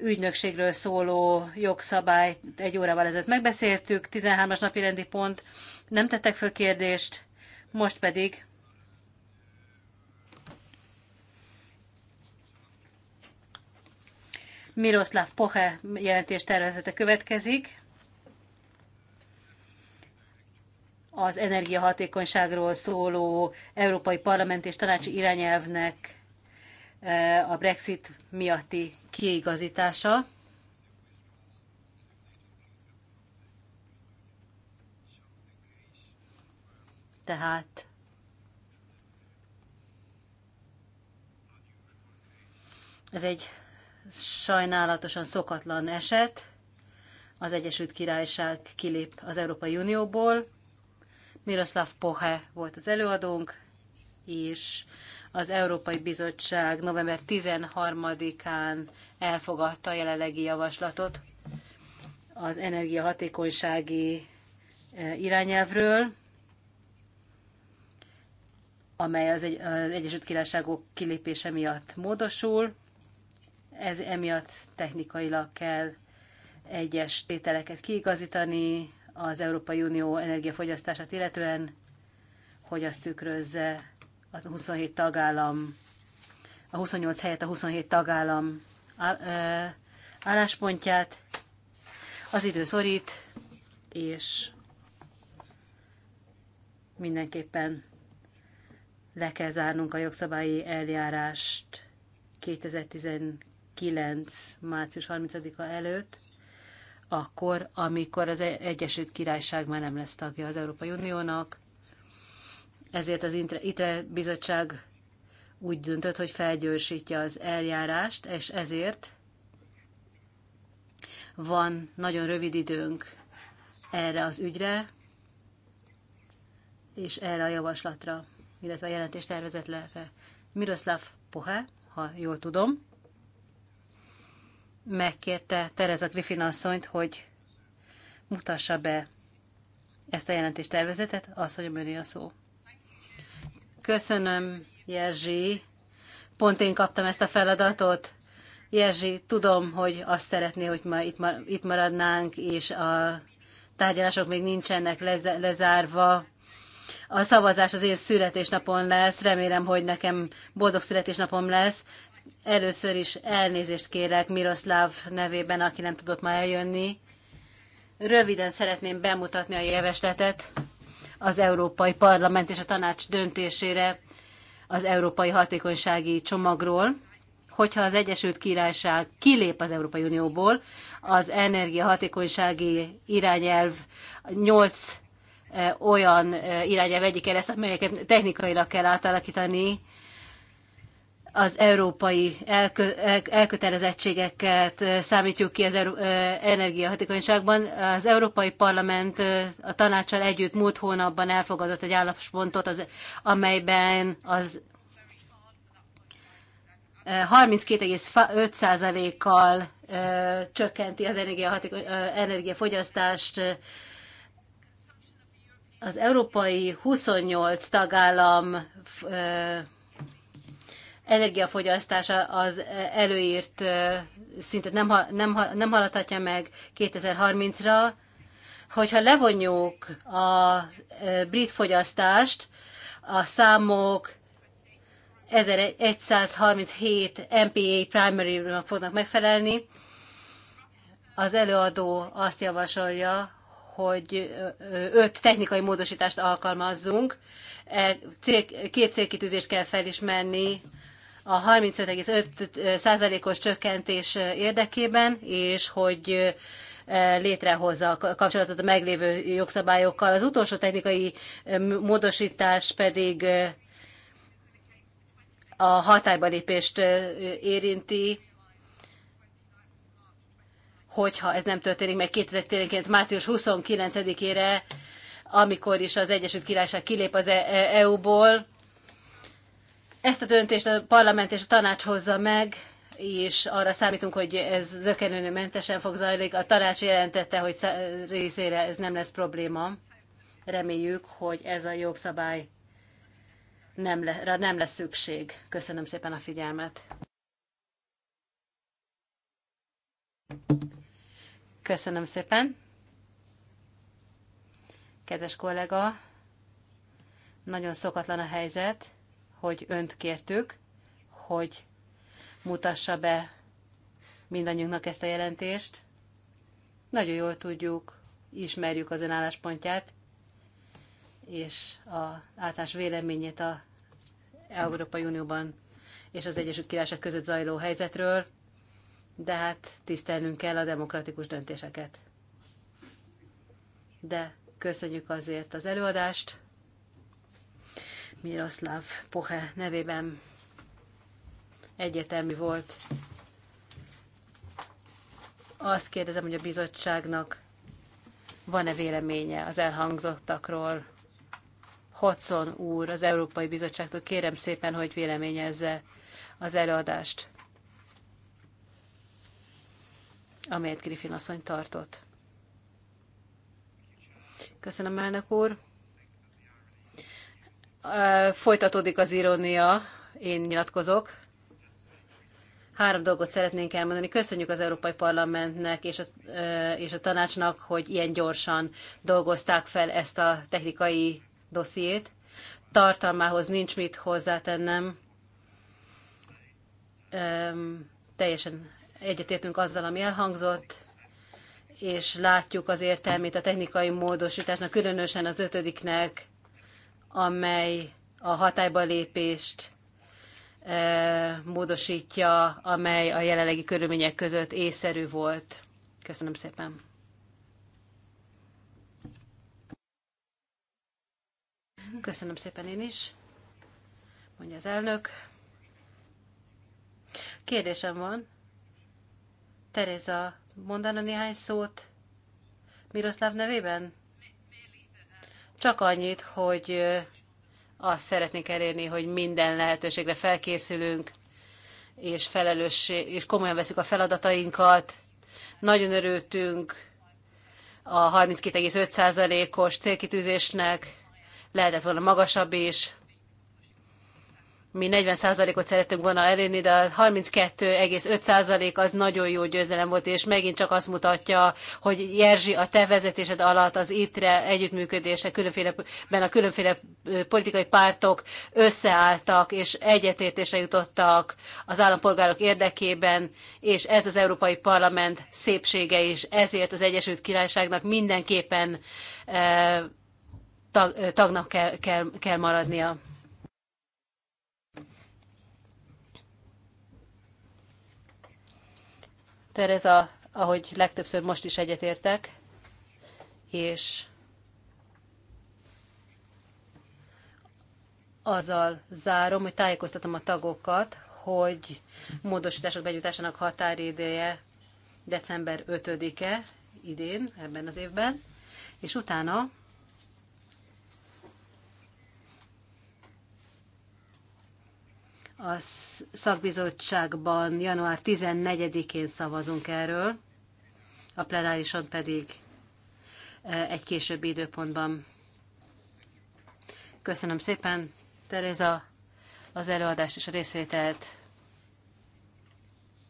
S1: ügynökségről szóló jogszabályt egy órával ezelőtt megbeszéltük, 13-as napi rendi pont, nem tettek föl kérdést, most pedig Miroslav Poche jelentés tervezete következik. az energiahatékonyságról szóló Európai Parlament és Tanácsi irányelvnek eh, a Brexit miatti kiigazítása. Tehát ez egy sajnálatosan szokatlan eset. Az Egyesült Királyság kilép az Európai Unióból, Miroslav Pohe volt az előadónk, és az Európai Bizottság november 13-án elfogadta a jelenlegi javaslatot az energiahatékonysági e, irányelvről, amely az, egy, az Egyesült Királyságok kilépése miatt módosul. Ez emiatt technikailag kell egyes tételeket kiigazítani az Európai Unió energiafogyasztását illetően, hogy azt tükrözze a 27 tagállam, a 28 helyett a 27 tagállam álláspontját. Az idő szorít, és mindenképpen le kell zárnunk a jogszabályi eljárást 2019. március 30-a előtt, akkor, amikor az e- Egyesült Királyság már nem lesz tagja az Európai Uniónak. Ezért az ITRE bizottság úgy döntött, hogy felgyorsítja az eljárást, és ezért van nagyon rövid időnk erre az ügyre, és erre a javaslatra, illetve a jelentés tervezetre. Miroslav Pohe, ha jól tudom, megkérte Tereza Griffin asszonyt, hogy mutassa be ezt a tervezetet, az, hogy a szó. Köszönöm, Jerzsi. Pont én kaptam ezt a feladatot. Jerzsi, tudom, hogy azt szeretné, hogy ma itt maradnánk, és a tárgyalások még nincsenek lezárva. A szavazás az én születésnapon lesz, remélem, hogy nekem boldog születésnapom lesz. Először is elnézést kérek Miroslav nevében, aki nem tudott ma eljönni. Röviden szeretném bemutatni a javaslatet az Európai Parlament és a Tanács döntésére az Európai Hatékonysági Csomagról. Hogyha az Egyesült Királyság kilép az Európai Unióból, az energiahatékonysági irányelv 8 eh, olyan eh, irányelv egyik lesz, amelyeket technikailag kell átalakítani, az európai elkö, elkötelezettségeket számítjuk ki az energiahatékonyságban. Az Európai Parlament a tanácsal együtt múlt hónapban elfogadott egy álláspontot, az, amelyben az 32,5%-kal csökkenti az energiafogyasztást. Az európai 28 tagállam energiafogyasztása az előírt szintet nem, nem, nem haladhatja meg 2030-ra. Hogyha levonjuk a brit fogyasztást, a számok 1137 MPA primary fognak megfelelni. Az előadó azt javasolja, hogy öt technikai módosítást alkalmazzunk. E két célkitűzést kell felismerni, a 35,5%-os csökkentés érdekében, és hogy létrehozza a kapcsolatot a meglévő jogszabályokkal. Az utolsó technikai módosítás pedig a hatályba lépést érinti, hogyha ez nem történik meg 2019. március 29-ére, amikor is az Egyesült Királyság kilép az EU-ból, e-, e ezt a döntést a parlament és a tanács hozza meg, és arra számítunk, hogy ez mentesen fog zajlik. A tanács jelentette, hogy részére ez nem lesz probléma. Reméljük, hogy ez a jogszabály nem, le, nem lesz szükség. Köszönöm szépen a figyelmet. Köszönöm szépen. Kedves kollega, nagyon szokatlan a helyzet hogy önt kértük, hogy mutassa be mindannyiunknak ezt a jelentést. Nagyon jól tudjuk, ismerjük az ön álláspontját, és a általános véleményét a Európai Unióban és az Egyesült Királyság között zajló helyzetről, de hát tisztelnünk kell a demokratikus döntéseket. De köszönjük azért az előadást, Miroslav Poche nevében egyetemi volt. Azt kérdezem, hogy a bizottságnak van-e véleménye az elhangzottakról. Hodson úr az Európai Bizottságtól kérem szépen, hogy véleményezze az előadást, amelyet Griffin asszony tartott. Köszönöm, elnök úr! folytatódik az irónia, én nyilatkozok. Három dolgot szeretnénk elmondani. Köszönjük az Európai Parlamentnek és a, és a tanácsnak, hogy ilyen gyorsan dolgozták fel ezt a technikai dossziét. Tartalmához nincs mit hozzátennem. Teljesen egyetértünk azzal, ami elhangzott és látjuk az értelmét a technikai módosításnak, különösen az ötödiknek, amely a hatályba lépést e, módosítja, amely a jelenlegi körülmények között észszerű volt. Köszönöm szépen. Köszönöm szépen én is, mondja az elnök. Kérdésem van. Tereza, mondana néhány szót Miroslav nevében? Csak annyit, hogy azt szeretnék elérni, hogy minden lehetőségre felkészülünk, és felelősség, és komolyan veszük a feladatainkat. Nagyon örültünk a 32,5%-os célkitűzésnek, lehetett volna magasabb is, mi 40%-ot szerettünk volna elérni, de 32,5% az nagyon jó győzelem volt, és megint csak azt mutatja, hogy Jerzsi, a te vezetésed alatt az ITRE együttműködése különféleben a különféle politikai pártok összeálltak, és egyetértésre jutottak az állampolgárok érdekében, és ez az Európai Parlament szépsége is, ezért az Egyesült Királyságnak mindenképpen eh, tag, tagnak kell, kell, kell maradnia. Tereza, ahogy legtöbbször most is egyetértek, és azzal zárom, hogy tájékoztatom a tagokat, hogy módosítások benyújtásának határideje december 5-e idén, ebben az évben, és utána a szakbizottságban január 14-én szavazunk erről, a plenárison pedig e, egy későbbi időpontban. Köszönöm szépen, Tereza, az előadást és a részvételt.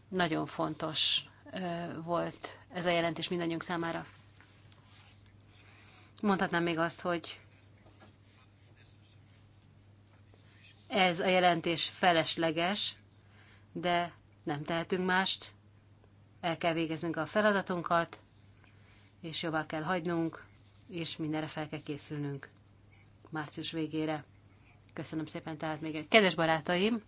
S1: Nagyon fontos e, volt ez a jelentés mindannyiunk számára. Mondhatnám még azt, hogy Ez a jelentés felesleges, de nem tehetünk mást. El kell végeznünk a feladatunkat, és jobbá kell hagynunk, és mindenre fel kell készülnünk március végére. Köszönöm szépen tehát még egy. Kedves barátaim,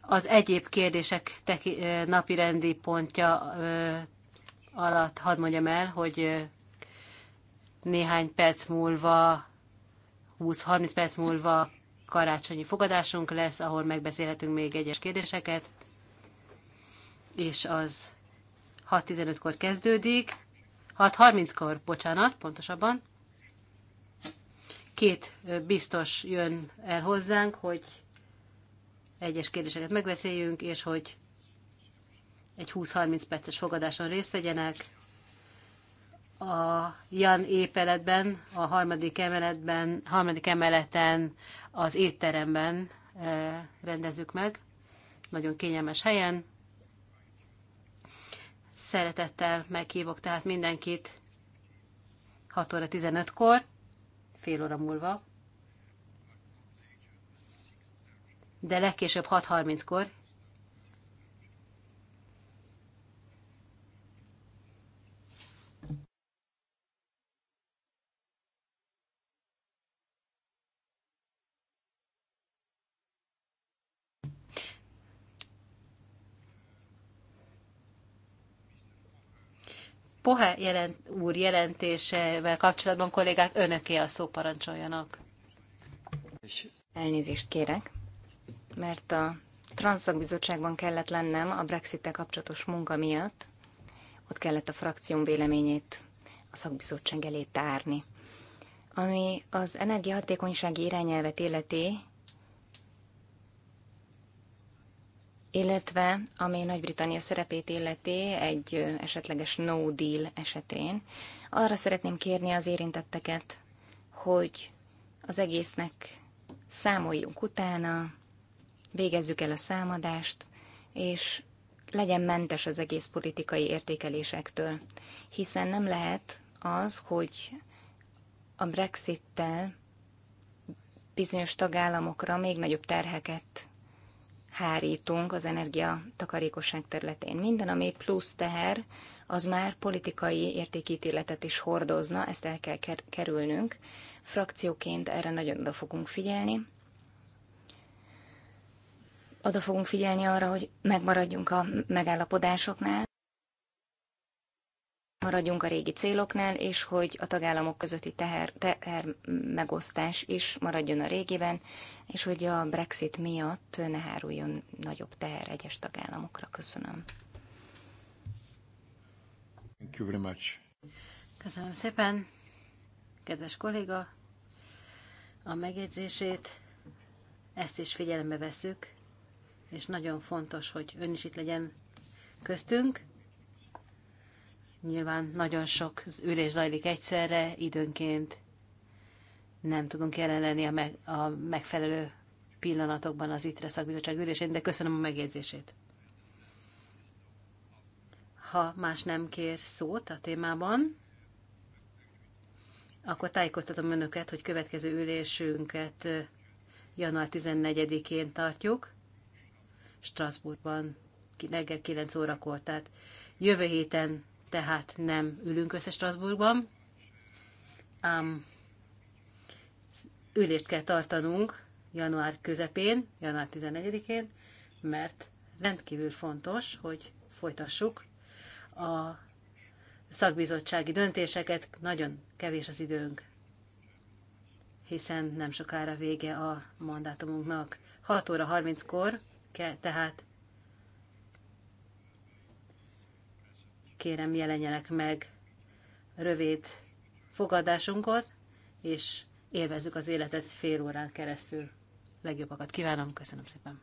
S1: az egyéb kérdések teki, napi rendi pontja ö, alatt hadd mondjam el, hogy ö, néhány perc múlva 20-30 perc múlva karácsonyi fogadásunk lesz, ahol megbeszélhetünk még egyes kérdéseket, és az 6.15-kor kezdődik, 6.30-kor, bocsánat, pontosabban. Két biztos jön el hozzánk, hogy egyes kérdéseket megbeszéljünk, és hogy egy 20-30 perces fogadáson részt vegyenek a Jan épületben, a harmadik emeletben, harmadik emeleten, az étteremben eh, rendezzük meg, nagyon kényelmes helyen. Szeretettel meghívok tehát mindenkit 6 óra 15-kor, fél óra múlva, de legkésőbb 6.30-kor, Pohe jelent, úr jelentésevel kapcsolatban
S2: kollégák önöké a szó parancsoljanak. Elnézést kérek, mert a Transzakbizottságban kellett lennem a brexit kapcsolatos munka miatt. Ott kellett a frakcióm véleményét a szakbizottság elé tárni. Ami az energiahatékonysági irányelvet illeti, illetve ami Nagy-Britannia szerepét illeti egy esetleges no deal esetén. Arra szeretném kérni az érintetteket, hogy az egésznek számoljunk utána, végezzük el a számadást, és legyen mentes az egész politikai értékelésektől, hiszen nem lehet az, hogy a Brexittel bizonyos tagállamokra még nagyobb terheket hárítunk az energia takarékosság területén. Minden, ami plusz teher, az már politikai értékítéletet is hordozna, ezt el kell kerülnünk. Frakcióként erre nagyon oda fogunk figyelni. Oda fogunk figyelni arra, hogy megmaradjunk a megállapodásoknál, maradjunk a régi céloknál, és hogy a tagállamok közötti teher, teher megosztás is maradjon a régiben, és hogy a Brexit miatt ne háruljon nagyobb teher egyes tagállamokra. Köszönöm.
S3: Thank you very much.
S1: Köszönöm szépen, kedves kolléga, a megjegyzését. Ezt is figyelembe veszük, és nagyon fontos, hogy ön is itt legyen köztünk. Nyilván nagyon sok ülés zajlik egyszerre, időnként nem tudunk jelen lenni a, meg, a megfelelő pillanatokban az ITRE szakbizottság ülésén, de köszönöm a megjegyzését. Ha más nem kér szót a témában, akkor tájékoztatom önöket, hogy következő ülésünket január 14-én tartjuk, Strasbourgban reggel 9 órakor, tehát jövő héten tehát nem ülünk össze Strasbourgban, ám ülést kell tartanunk január közepén, január 14-én, mert rendkívül fontos, hogy folytassuk a szakbizottsági döntéseket, nagyon kevés az időnk, hiszen nem sokára vége a mandátumunknak. 6 óra 30-kor, tehát kérem jelenjenek meg rövid fogadásunkon, és élvezzük az életet fél órán keresztül. Legjobbakat kívánom, köszönöm szépen!